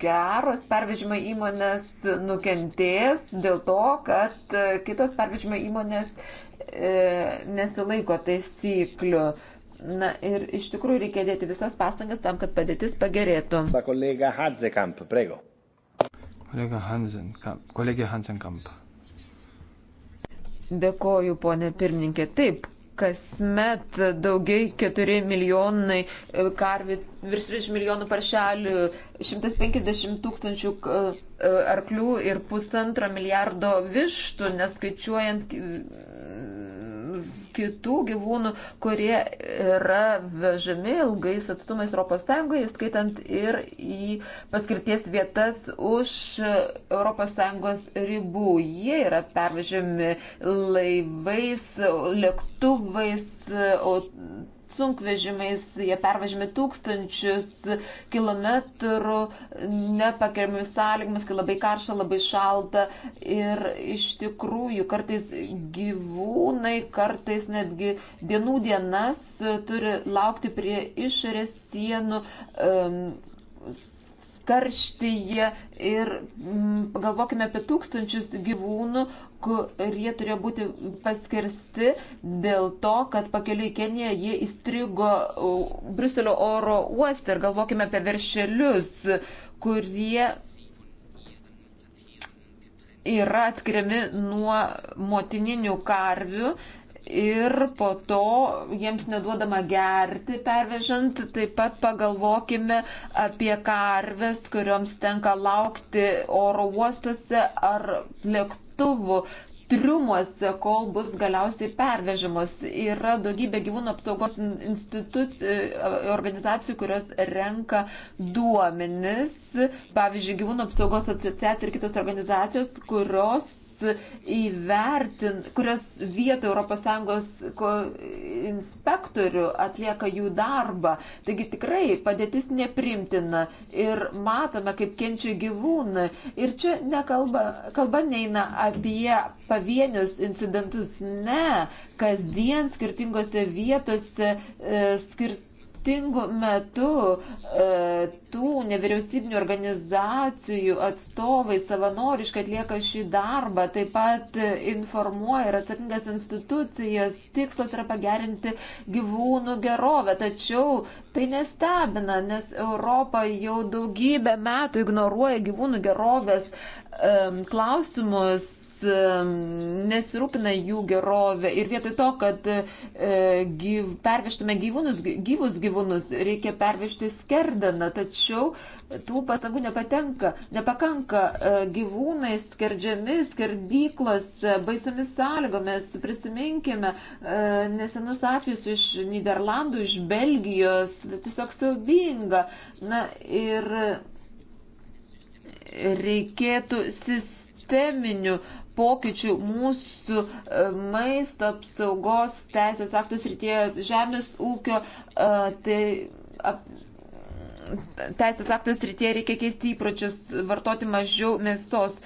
geros pervežimo įmonės nukentės dėl to, kad e, kitos pervežimo įmonės e, nesilaiko taisyklių. Na ir iš tikrųjų reikia dėti visas pastangas tam, kad padėtis pagerėtų. Kolega Hansenkamp, prego. Kolega Hansenkamp. Kolegė Hansenkamp. Dėkoju, ponė pirmininkė. Taip, kasmet daugiai 4 milijonai e, karvių, virš 30 milijonų paršelių, 150 tūkstančių e, arklių ir pusantro milijardo vištų, neskaičiuojant kitų gyvūnų, kurie yra vežami ilgais atstumais ES, skaitant ir į paskirties vietas už ES ribų. Jie yra pervežami laivais, lėktuvais, automobiliais sunkvežimiais, jie pervažimi tūkstančius kilometrų nepakeriamomis sąlygomis, kai labai karšta, labai šalta. Ir iš tikrųjų kartais gyvūnai, kartais netgi dienų dienas turi laukti prie išorės sienų. Um, karštyje ir mm, pagalvokime apie tūkstančius gyvūnų, kurie turėjo būti paskirsti dėl to, kad pakeliu į Keniją jie įstrigo Bruselio oro uoste ir galvokime apie veršelius, kurie yra atskiriami nuo motininių karvių ir po to jiems neduodama gerti pervežant. Taip pat pagalvokime apie karves, kurioms tenka laukti oro uostuose ar lėktuvų. Triumuose, kol bus galiausiai pervežimus, yra daugybė gyvūnų apsaugos institucijų, e, organizacijų, kurios renka duomenis, pavyzdžiui, gyvūnų apsaugos asociacija ir kitos organizacijos, kurios įvertin, kurios vietų ES inspektorių atlieka jų darbą. Taigi tikrai padėtis neprimtina ir matome, kaip kenčia gyvūnai. Ir čia nekalba, kalba neina apie pavienius incidentus, ne, kasdien skirtingose vietose e, skirtingose skirtingu metu e, tų nevyriausybinių organizacijų atstovai savanoriškai atlieka šį darbą, taip pat informuoja ir atsakingas institucijas. Tikslas yra pagerinti gyvūnų gerovę, tačiau tai nestebina, nes Europa jau daugybę metų ignoruoja gyvūnų gerovės klausimus nesirūpina jų gerovė ir vietoj to, kad e, gyv, pervežtume gyvūnus, gyvus gyvūnus, reikia pervežti skerdaną, tačiau tų pastangų nepatenka, nepakanka e, gyvūnai skerdžiami skerdyklose, baisomis sąlygomis, prisiminkime e, nesenus atvejus iš Niderlandų, iš Belgijos, tiesiog siaubinga. Na ir reikėtų sisteminių pokyčių mūsų e, maisto apsaugos teisės aktus rytie žemės ūkio, e, tai ap, teisės aktus rytie reikia keisti įpročius, vartoti mažiau mėsos.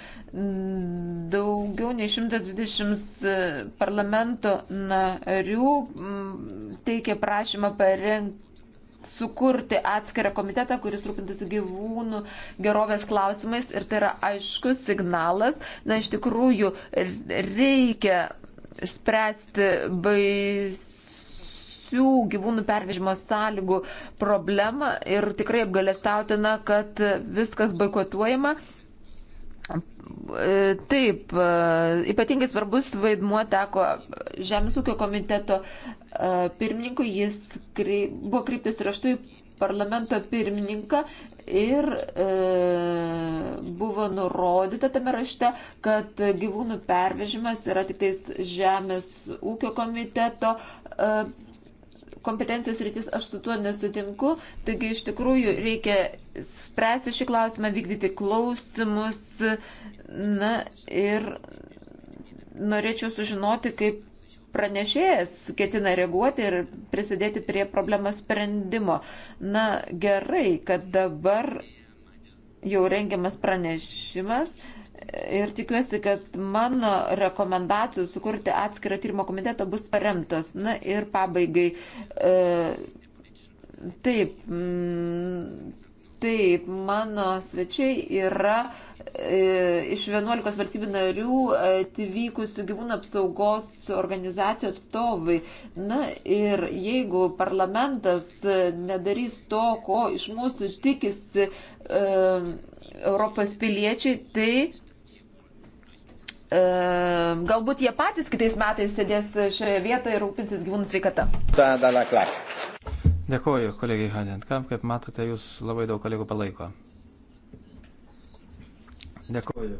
Daugiau nei 120 e, parlamento narių teikia prašymą parengti sukurti atskirą komitetą, kuris rūpintųsi gyvūnų gerovės klausimais ir tai yra aiškus signalas. Na, iš tikrųjų, reikia spręsti baisių gyvūnų pervežimo sąlygų problemą ir tikrai apgalėstautina, kad viskas boikotuojama. E, taip, e, ypatingai svarbus vaidmuo teko Žemės ūkio komiteto e, pirmininkui, jis krei, buvo kryptis raštu į parlamento pirmininką ir e, buvo nurodyta tame rašte, kad gyvūnų pervežimas yra tik tais Žemės ūkio komiteto e, kompetencijos rytis, aš su tuo nesutinku. Taigi iš tikrųjų reikia spręsti šį klausimą, vykdyti klausimus. Na ir norėčiau sužinoti, kaip pranešėjas ketina reaguoti ir prisidėti prie problemos sprendimo. Na gerai, kad dabar jau rengiamas pranešimas. Uh, ir tikiuosi, kad mano rekomendacijų sukurti atskirą tyrimo komitetą bus paremtos. Na ir pabaigai. E, taip, m, mm, taip, mano svečiai yra e, iš 11 valstybių narių e, atvykusių gyvūnų apsaugos organizacijų atstovai. Na ir jeigu parlamentas nedarys to, ko iš mūsų tikisi e, Europos piliečiai, tai E, galbūt jie patys kitais metais sėdės šioje vietoje ir rūpinsis gyvūnų sveikata. Dėkuoju kolegai Hadenkam, kaip matote, jūs labai daug kolegų palaiko. Dėkuoju.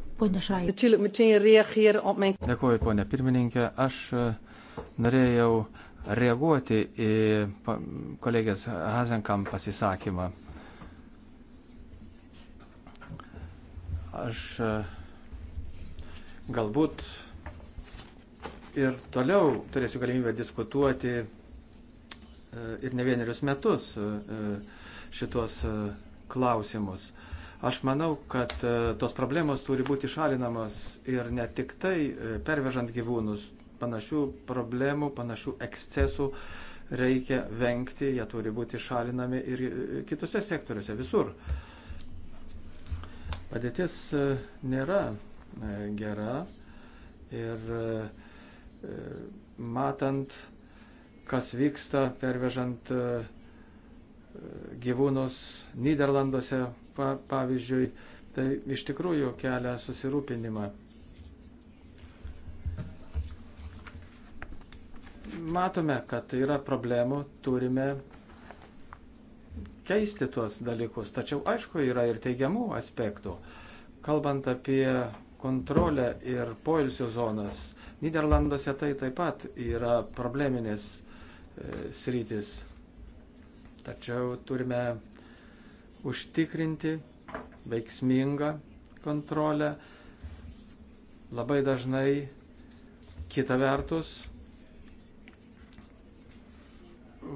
Dėkuoju, ponė pirmininkė. Aš e, norėjau reaguoti į kolegės Hazenkam pasisakymą. Aš uh, Galbūt ir toliau turėsiu galimybę diskutuoti e, ir ne vienerius metus e, e, šitos klausimus. Aš manau, kad tos problemos turi būti šalinamos ir ne tik tai pervežant gyvūnus. Panašių problemų, panašių ekscesų reikia vengti, jie turi būti šalinami ir kitose sektoriuose, visur. Padėtis nėra E, gera. Ir e, e, matant, kas vyksta, pervežant gyvūnus Niderlanduose, pavyzdžiui, tai iš tikrųjų kelia susirūpinimą. Matome, kad yra problemų, turime keisti tuos dalykus. Tačiau, aišku, yra ir teigiamų aspektų. Kalbant apie kontrolę ir poilsio zonas. Niderlanduose tai taip pat yra probleminės e, sritis. Tačiau turime užtikrinti veiksmingą kontrolę. Labai dažnai kita vertus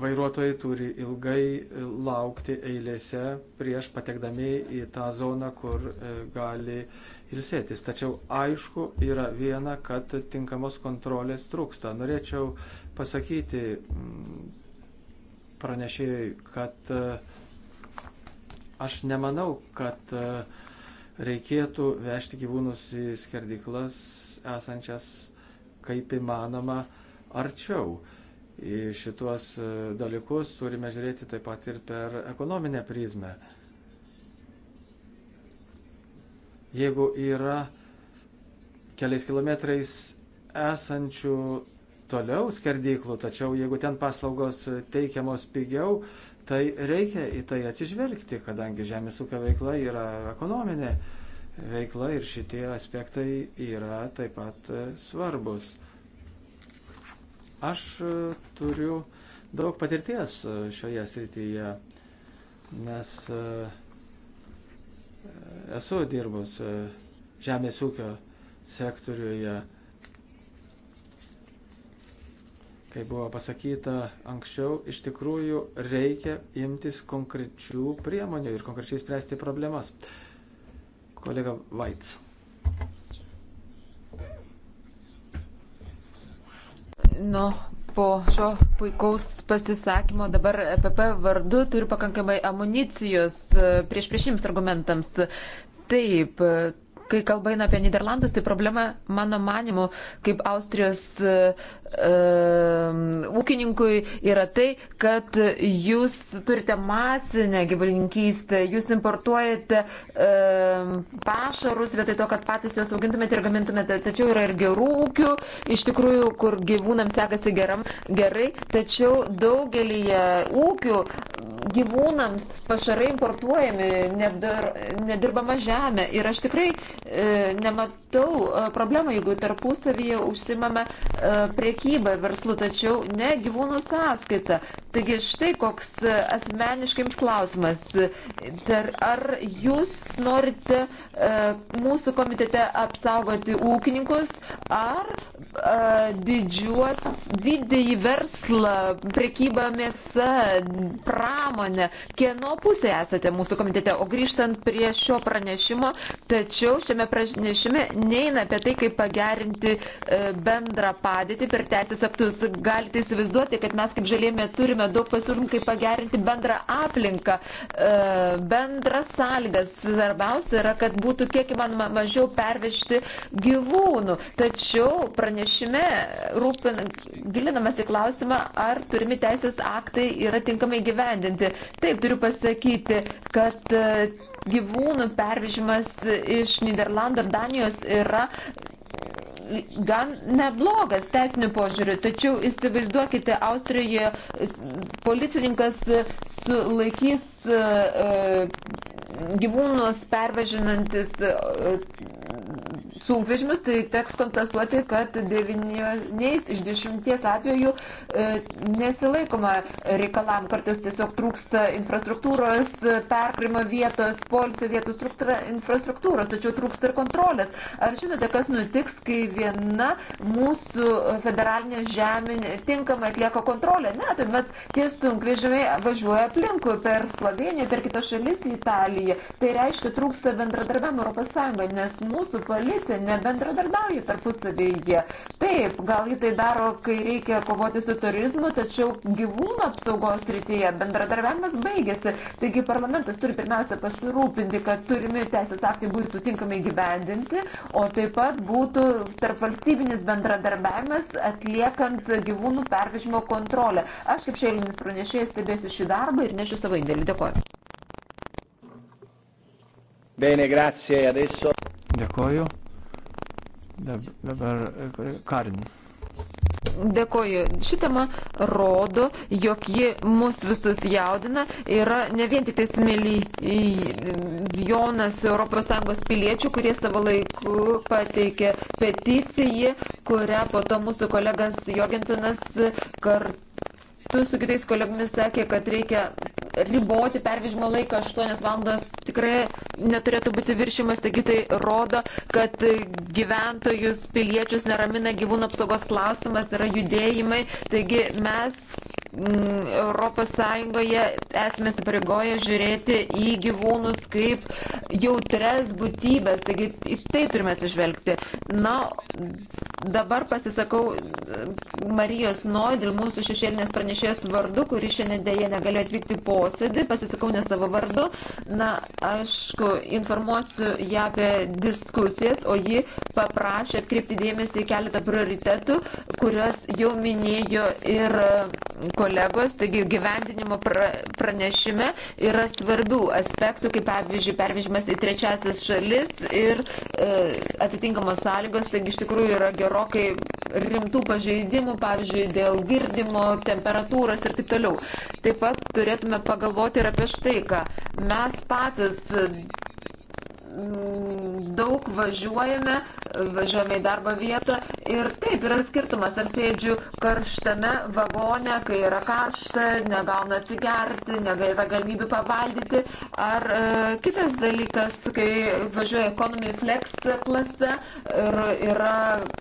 vairuotojai turi ilgai laukti eilėse prieš patekdami į tą zoną, kur e, gali ilsėtis. Tačiau aišku yra viena, kad tinkamos kontrolės trūksta. Norėčiau pasakyti mm, pranešėjai, kad e, aš nemanau, kad e, reikėtų vežti gyvūnus į skerdiklas esančias kaip įmanoma arčiau. Į šitos e, dalykus turime žiūrėti taip pat ir per ekonominę prizmę. jeigu yra keliais kilometrais esančių toliau skerdyklų, tačiau jeigu ten paslaugos teikiamos pigiau, tai reikia į tai atsižvelgti, kadangi žemės ūkio veikla yra ekonominė veikla ir šitie aspektai yra taip pat e, svarbus. Aš e, turiu daug patirties e, šioje srityje, nes uh, esu dirbus e, žemės ūkio sektoriuje. Kaip buvo pasakyta anksčiau, iš tikrųjų reikia imtis konkrečių priemonių ir konkrečiai spręsti problemas. Kolega Vaits. Nuo po šio puikaus pasisakymo dabar PP e vardu turi pakankamai amunicijos e, prieš priešims argumentams. Taip, Kai kalba eina apie Niderlandus, tai problema, mano manimu, kaip Austrijos uh, ūkininkui yra tai, kad jūs turite masinę gyvulininkystę, jūs importuojate uh, pašarus vietoj to, kad patys juos augintumėte ir gamintumėte. Tačiau yra ir gerų ūkių, iš tikrųjų, kur gyvūnams sekasi geram, gerai, tačiau daugelį ūkių gyvūnams pašarai importuojami, neapdar, nedirbama žemė. Ir aš tikrai E, nematau e, problemų, jeigu tarpusavyje užsimame e, priekybą verslų, tačiau ne gyvūnų sąskaitą. Taigi štai koks asmeniškai jums klausimas. Ar jūs norite mūsų komitete apsaugoti ūkininkus, ar didžiuos, didįjį verslą, priekybą mėsa, pramonę, kieno pusėje esate mūsų komitete. O grįžtant prie šio pranešimo, tačiau šiame pranešime neina apie tai, kaip pagerinti e, bendrą padėtį per teisės aktus. Galite įsivaizduoti, kad mes kaip žalėme turime daug pasiūlymų, kaip pagerinti bendrą aplinką, e, bendras sąlygas. Svarbiausia yra, kad būtų kiek įmanoma mažiau pervežti gyvūnų. Tačiau pranešime rūpin, gilinamas į klausimą, ar turimi teisės aktai yra tinkamai gyvendinti. Taip, turiu pasakyti, kad e, gyvūnų pervežimas iš Niderlandų ir Danijos yra gan neblogas teisiniu požiūriu, tačiau įsivaizduokite, Austrijoje e, policininkas sulaikys e, e, gyvūnus pervežinantis sunkvežimius, tai teks kontestuoti, kad devyniais iš dešimties atvejų e, nesilaikoma reikalam. Kartais tiesiog trūksta infrastruktūros, e, perkrimo vietos, polsio vietos infrastruktūros, tačiau trūksta ir kontrolės. Ar žinote, kas nutiks, kai viena mūsų federalinė žemė tinkamai atlieka kontrolę? Ne, tuomet tie sunkvežimiai važiuoja aplinkui per Sloveniją, per kitas šalis į Italiją. Tai reiškia, trūksta bendradarbiavimo Europos Sąjungoje, nes mūsų koalicija, nebendradarbiauja tarpusavyje. Taip, gal jį tai daro, kai reikia kovoti su turizmu, tačiau gyvūnų apsaugos rytyje bendradarbiavimas baigėsi. Taigi parlamentas turi pirmiausia pasirūpinti, kad turimi teisės aktai būtų tinkamai gyvendinti, o taip pat būtų tarp valstybinis bendradarbiavimas atliekant gyvūnų pervežimo kontrolę. Aš kaip šeilinis pranešėjas stebėsiu šį darbą ir nešiu savo indėlį. Dėkuoju. Bene, grazie. Adesso. Dėkoju. Dabar e, Karin. Dėkoju. Ši tema rodo, jog ji mus visus jaudina. Yra ne vien tik tais milijonas ES piliečių, kurie savo laiku pateikė peticiją, kurią po to mūsų kolegas Jorgensenas kartu Tu su kitais kolegomis sakė, kad reikia riboti pervežimo laiką 8 valandas, tikrai neturėtų būti viršimas, taigi tai rodo, kad gyventojus, piliečius neramina gyvūnų apsaugos klausimas, yra judėjimai, taigi mes ES esame įsipareigoję žiūrėti į gyvūnus kaip jautres būtybės, taigi į tai turime atsižvelgti. Na, dabar pasisakau Marijos Noidil, mūsų šešėlinės pranešėjos vardu, kuri šiandien dėje negalėjo atvykti posėdį, pasisakau ne savo vardu. Na, aišku, informuosiu ją apie diskusijas, o ji paprašė atkreipti dėmesį į keletą prioritetų, kuriuos jau minėjo ir kolegos, taigi gyvendinimo pra, pranešime yra svarbių aspektų, kaip pavyzdžiui, pervežimas į trečiasis šalis ir e, atitinkamos sąlygos, taigi iš tikrųjų yra gerokai rimtų pažeidimų, pavyzdžiui, dėl girdimo, temperatūros ir taip toliau. Taip pat turėtume pagalvoti ir apie štai ką. Mes patys daug važiuojame, važiuojame į darbo vietą ir taip yra skirtumas, ar sėdžiu karštame vagone, kai yra karšta, negauna atsigerti, nėra galimybių pavaldyti, ar e, kitas dalykas, kai važiuoju ekonomy flex klase ir yra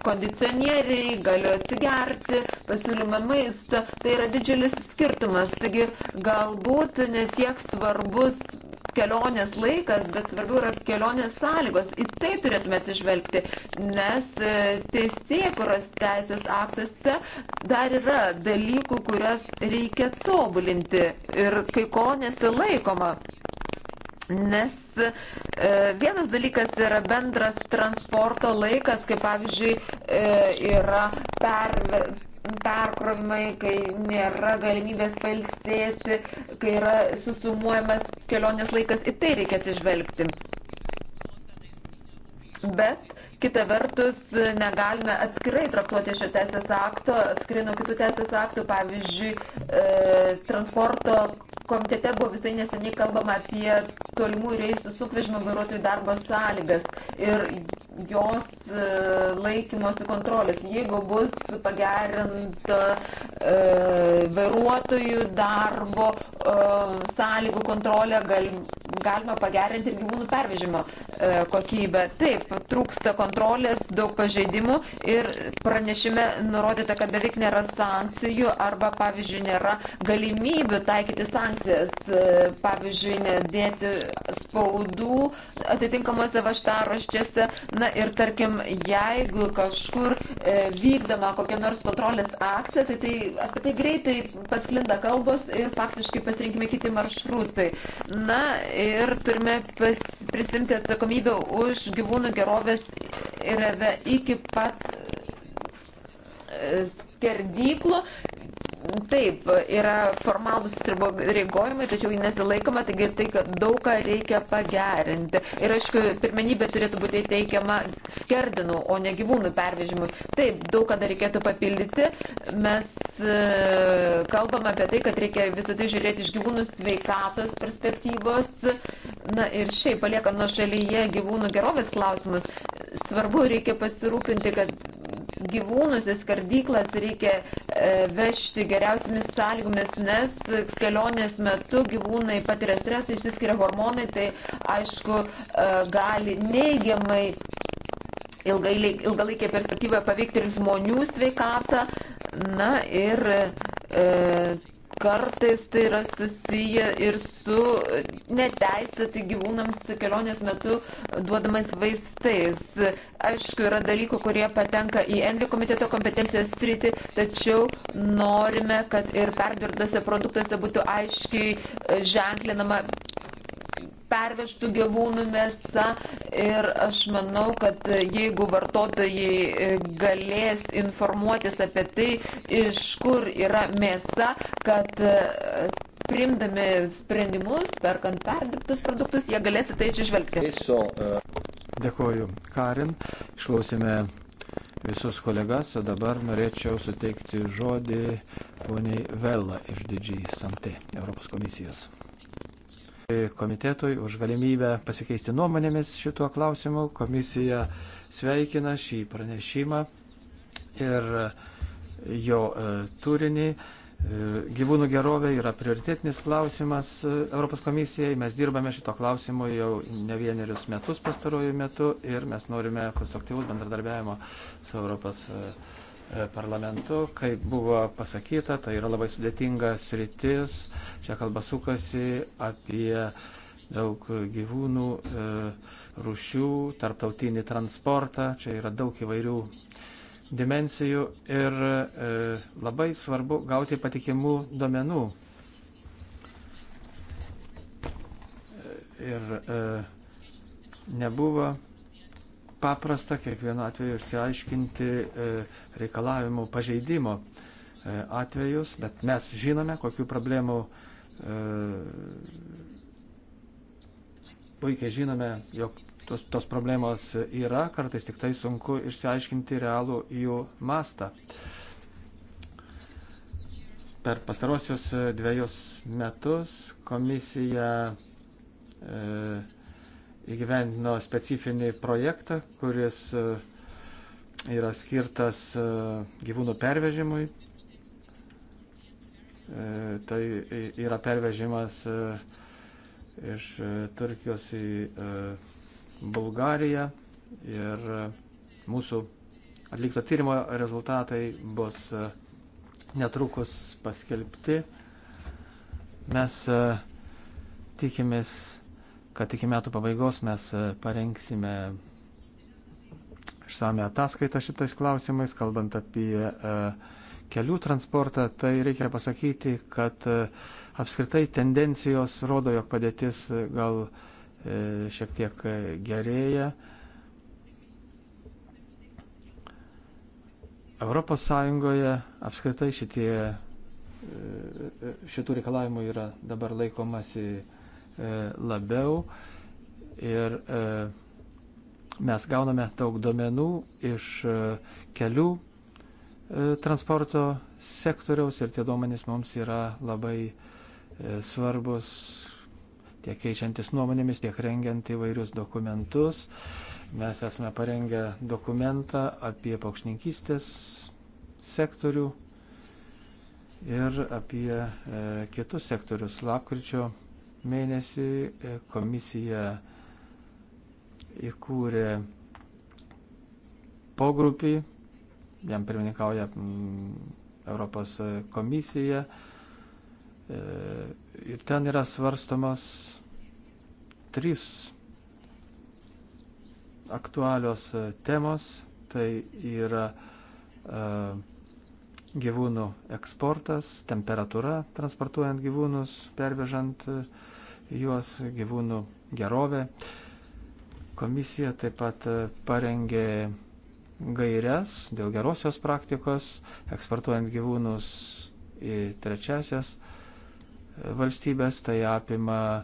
kondicionieriai, galiu atsigerti, pasiūlymą maistą, tai yra didžiulis skirtumas. Taigi galbūt netiek svarbus kelionės laikas, bet svarbiau yra kelionės sąlygos. Į tai turėtume atsižvelgti, nes e, teisėkuros teisės aktuose dar yra dalykų, kurias reikia tobulinti ir kai ko nesilaikoma. Nes e, vienas dalykas yra bendras transporto laikas, kaip pavyzdžiui e, yra per, perkrovimai, kai nėra galimybės pailsėti, kai yra susumuojamas kelionės laikas, į tai reikia atsižvelgti. Bet kita vertus negalime atskirai traktuoti šio teisės akto, atskirai nuo kitų teisės aktų, pavyzdžiui, e, transporto komitete buvo visai neseniai kalbama apie tolimų reisų sunkvežimio vairuotojų darbo sąlygas. Ir jos e, laikymosi kontrolės. Jeigu bus pagerinta e, vairuotojų darbo e, sąlygų kontrolė, gal, galima pagerinti ir gyvūnų pervežimo e, kokybę. Taip, trūksta kontrolės, daug pažeidimų ir pranešime nurodyta, kad beveik nėra sankcijų arba, pavyzdžiui, nėra galimybių taikyti sankcijas, e, pavyzdžiui, nedėti spaudų atitinkamuose vaštaroščiuose. Na ir tarkim, jeigu kažkur e, vykdama kokia nors kontrolės akcija, tai, tai apie tai greitai pasklinda kalbos ir faktiškai pasirinkime kiti maršrutai. Na, ir turime pas, prisimti atsakomybę už gyvūnų gerovės ir iki pat e, skerdyklų Taip, yra formalūs ribojimai, tačiau jų nesilaikoma, taigi tai, kad daug ką reikia pagerinti. Ir aišku, pirmenybė turėtų būti teikiama skerdinų, o ne gyvūnų pervežimui. Taip, daug ką dar reikėtų papildyti. Mes e, kalbam apie tai, kad reikia visada tai žiūrėti iš gyvūnų sveikatos perspektyvos. Na ir šiaip, paliekant nuo šalyje gyvūnų gerovės klausimus, svarbu reikia pasirūpinti, kad gyvūnus į skardyklas reikia e, vežti geriausiamis sąlygomis, nes kelionės metu gyvūnai patiria stresą, išsiskiria hormonai, tai aišku e, gali neigiamai ilgalaikė perspektyva paveikti ir žmonių sveikatą. Na ir e, kartais tai yra susiję ir su neteisėtai gyvūnams kelionės metu duodamais vaistais. Aišku, yra dalykų, kurie patenka į Envi komiteto kompetencijos sritį, tačiau norime, kad ir perdirbtose produktuose būtų aiškiai ženklinama pervežtų gyvūnų mėsa ir aš manau, kad jeigu vartotojai e, galės informuotis apie tai, iš kur yra mėsa, kad e, priimdami sprendimus, perkant perdirbtus produktus, jie galės į tai atsižvelgti. E, Dėkuoju, Karin. Išklausėme visus kolegas, o dabar norėčiau suteikti žodį poniai Vela iš Didžiai Santė Europos komisijos komitetui už galimybę pasikeisti nuomonėmis šituo klausimu. Komisija sveikina šį pranešimą ir jo e, turinį. E, gyvūnų gerovė yra prioritetinis klausimas e, Europos komisijai. Mes dirbame šito klausimu jau ne vienerius metus pastarojų metų ir mes norime konstruktyvus bendradarbiavimo su Europos komisija E, parlamentu, kaip buvo pasakyta, tai yra labai sudėtinga sritis. Čia kalba sukasi apie daug gyvūnų e, rūšių, tarptautinį transportą, čia yra daug įvairių dimensijų ir e, labai svarbu gauti patikimų domenų. Ir nebuvo paprasta kiekvienu atveju išsiaiškinti, reikalavimų pažeidimo e, atvejus, bet mes žinome, kokių problemų e, puikiai žinome, jog tos, tos problemos yra, kartais tik tai sunku išsiaiškinti realų jų mastą. Per pastarosius dviejus metus komisija e, įgyvendino specifinį projektą, kuris e, yra skirtas e, gyvūnų pervežimui. E, tai yra pervežimas e, iš Turkijos į Bulgariją ir mūsų atlikto tyrimo rezultatai bus netrukus paskelbti. Mes tikimės, kad iki metų pabaigos mes parengsime išsame ataskaitą šitais klausimais, kalbant apie e, kelių transportą, tai reikia pasakyti, kad e, apskritai tendencijos rodo, jog padėtis e, gal šiek tiek gerėja. Europos Sąjungoje apskritai šitie, šitų reikalavimų yra dabar laikomasi labiau ir Mes gauname daug duomenų iš e, kelių e, transporto sektoriaus ir tie duomenys mums yra labai e, svarbus tiek keičiantis nuomonėmis, tiek rengiant įvairius dokumentus. Mes esame parengę dokumentą apie paukšninkystės sektorių ir apie e, kitus sektorius. Lapkričio mėnesį komisija e, įkūrė pogrupį, jam pirmininkauja mm, Europos komisija e, ir ten yra svarstomas trys aktualios e, temos, tai yra e, gyvūnų eksportas, temperatūra transportuojant gyvūnus, pervežant juos, gyvūnų gerovė. E, Komisija taip pat e, parengė gairias dėl gerosios praktikos, eksportuojant gyvūnus į trečiasias e, valstybės, tai apima e,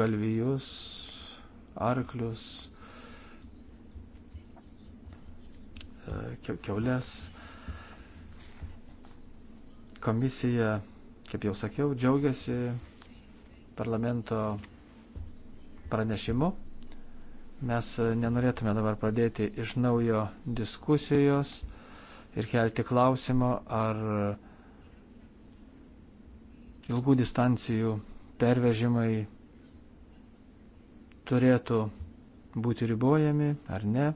galvijus, arklius, keulės. Komisija, kaip jau sakiau, džiaugiasi parlamento pranešimu Mes e, nenorėtume dabar pradėti iš naujo diskusijos ir kelti klausimo, ar e, ilgų distancijų pervežimai turėtų būti ribojami ar ne.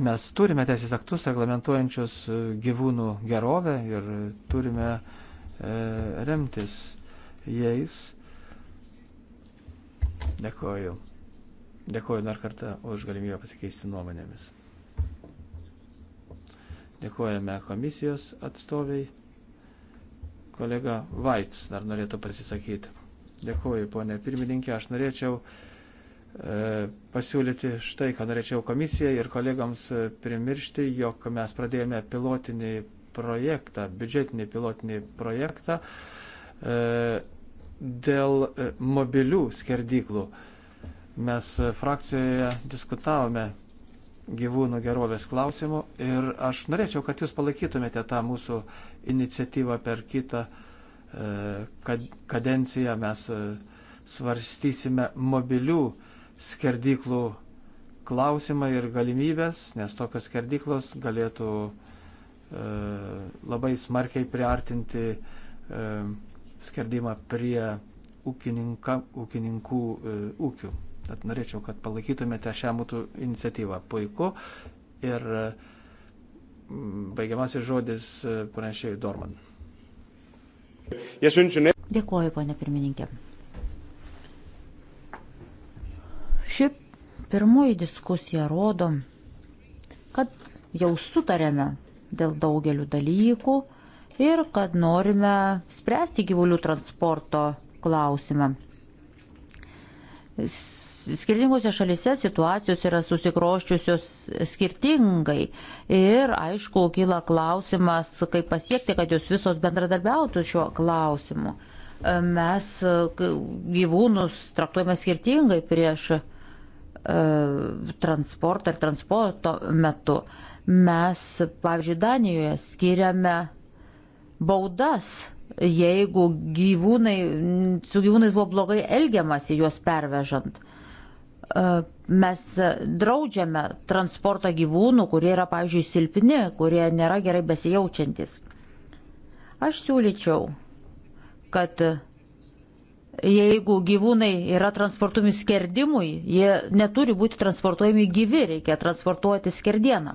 Mes turime teisės aktus reglamentuojančius e, gyvūnų gerovę ir turime e, remtis jais. Dėkoju. Dėkuoju dar kartą už galimybę pasikeisti nuomonėmis. Dėkuojame komisijos atstoviai. Kolega Vaits dar norėtų pasisakyti. Dėkuoju, ponė pirmininkė. Aš norėčiau e, pasiūlyti štai, ką norėčiau komisijai ir kolegams e, primiršti, jog mes pradėjome pilotinį projektą, biudžetinį pilotinį projektą e, dėl e, mobilių skerdyklų. E, Mes frakcijoje diskutavome gyvūnų gerovės klausimų ir aš norėčiau, kad jūs palaikytumėte tą mūsų iniciatyvą per kitą e, kadenciją. Mes e, svarstysime mobilių skerdyklų klausimą ir galimybės, nes tokios skerdyklos galėtų e, labai smarkiai priartinti skerdimą prie ūkininka, ūkininkų ūkių. Tad norėčiau, kad palaikytumėte šią mūsų iniciatyvą. Puiku. Ir mm, baigiamasis žodis e, pranešėjai Dorman. Dėkuoju, ponė pirmininkė. Ši pirmoji diskusija rodo, kad jau sutarėme dėl daugelių dalykų ir kad norime spręsti gyvulių transporto klausimą skirtingose šalise situacijos yra susikroščiusios skirtingai ir aišku, kyla klausimas, kaip pasiekti, kad jūs visos bendradarbiautų šiuo klausimu. E, mes e, gyvūnus traktuojame skirtingai prieš e, transportą ir transporto metu. Mes, pavyzdžiui, Danijoje skiriame baudas jeigu gyvūnai, su gyvūnais buvo blogai elgiamasi juos pervežant. E, mes draudžiame transportą gyvūnų, kurie yra, pavyzdžiui, silpni, kurie nėra gerai besijaučiantis. Aš siūlyčiau, kad jeigu gyvūnai yra transportuojami skerdimui, jie neturi būti transportuojami gyvi, reikia transportuoti skerdieną.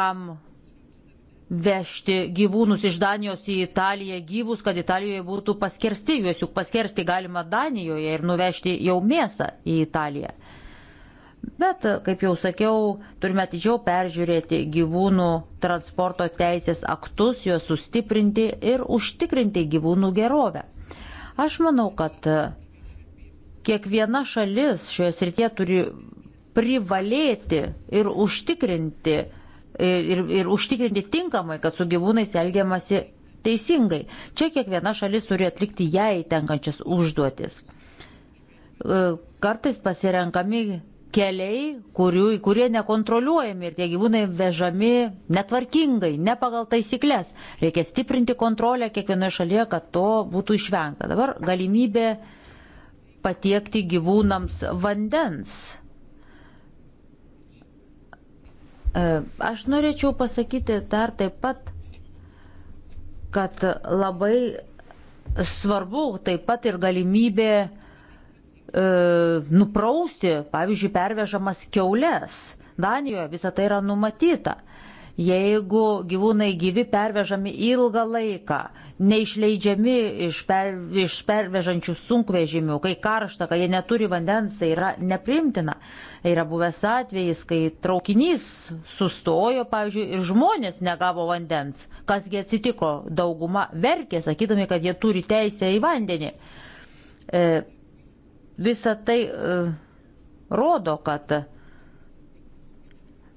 Kam vežti gyvūnus iš Danijos į Italiją gyvus, kad Italijoje būtų paskersti, juos juk paskersti galima Danijoje ir nuvežti jau mėsą į Italiją. Bet, kaip jau sakiau, turime atidžiau peržiūrėti gyvūnų transporto teisės aktus, juos sustiprinti ir užtikrinti gyvūnų gerovę. Aš manau, kad kiekviena šalis šioje srityje turi privalėti ir užtikrinti ir, ir užtikrinti tinkamai, kad su gyvūnais elgiamasi teisingai. Čia kiekviena šalis turi atlikti jai tenkančias užduotis. E, kartais pasirenkami keliai, kurių, kurie nekontroliuojami ir tie gyvūnai vežami netvarkingai, ne pagal taisyklės. Reikia stiprinti kontrolę kiekvienoje šalyje, kad to būtų išvengta. Dabar galimybė patiekti gyvūnams vandens E, aš norėčiau pasakyti dar taip pat, kad labai svarbu taip pat ir galimybė e, nuprausti, pavyzdžiui, pervežamas keules. Danijoje visą tai yra numatyta. Jeigu gyvūnai gyvi pervežami ilgą laiką, neišleidžiami iš, per, iš pervežančių sunkvežimių, kai karšta, kai jie neturi vandens, tai yra neprimtina. Yra buvęs atvejis, kai traukinys sustojo, pavyzdžiui, ir žmonės negavo vandens. Kasgi atsitiko? Dauguma verkė, sakydami, kad jie turi teisę į vandenį. E, visa tai e, rodo, kad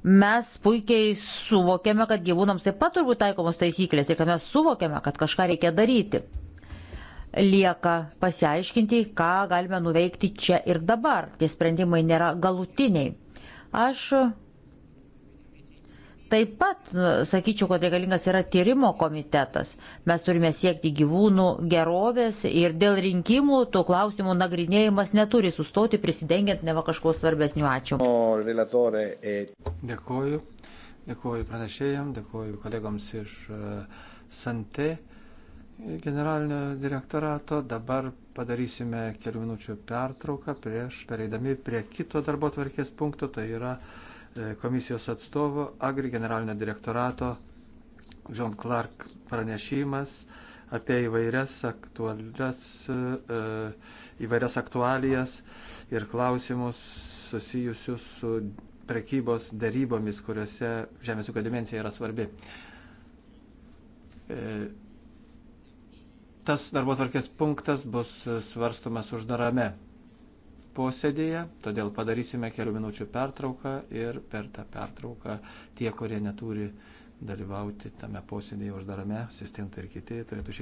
mes puikiai suvokiame, kad gyvūnams taip pat turbūt taikomos taisyklės ir kad mes suvokiame, kad kažką reikia daryti. Lieka pasiaiškinti, ką galime nuveikti čia ir dabar. Tie sprendimai nėra galutiniai. Aš Taip pat sakyčiau, kad reikalingas yra tyrimo komitetas. Mes turime siekti gyvūnų gerovės ir dėl rinkimų tų klausimų nagrinėjimas neturi sustoti, prisidengiant neva kažko svarbesnių. Ačiū. E- dėkuoju. Dėkuoju pranešėjam, dėkuoju kolegoms iš e, Sante generalinio direktorato. Dabar padarysime kelių minučių pertrauką prieš pereidami prie kito darbo tvarkės punkto. Tai yra E, komisijos atstovo Agri generalinio direktorato John Clark pranešimas apie įvairias, aktualias, e, e, įvairias aktualijas ir klausimus susijusius su prekybos darybomis, kuriuose žemės ūkio dimensija yra svarbi. Tas darbo tvarkės punktas bus svarstomas uždarame posėdėje, todėl padarysime kelių minučių pertrauką ir per tą pertrauką tie, kurie neturi dalyvauti tame posėdėje uždarame, asistentai ir kiti, turėtų šiek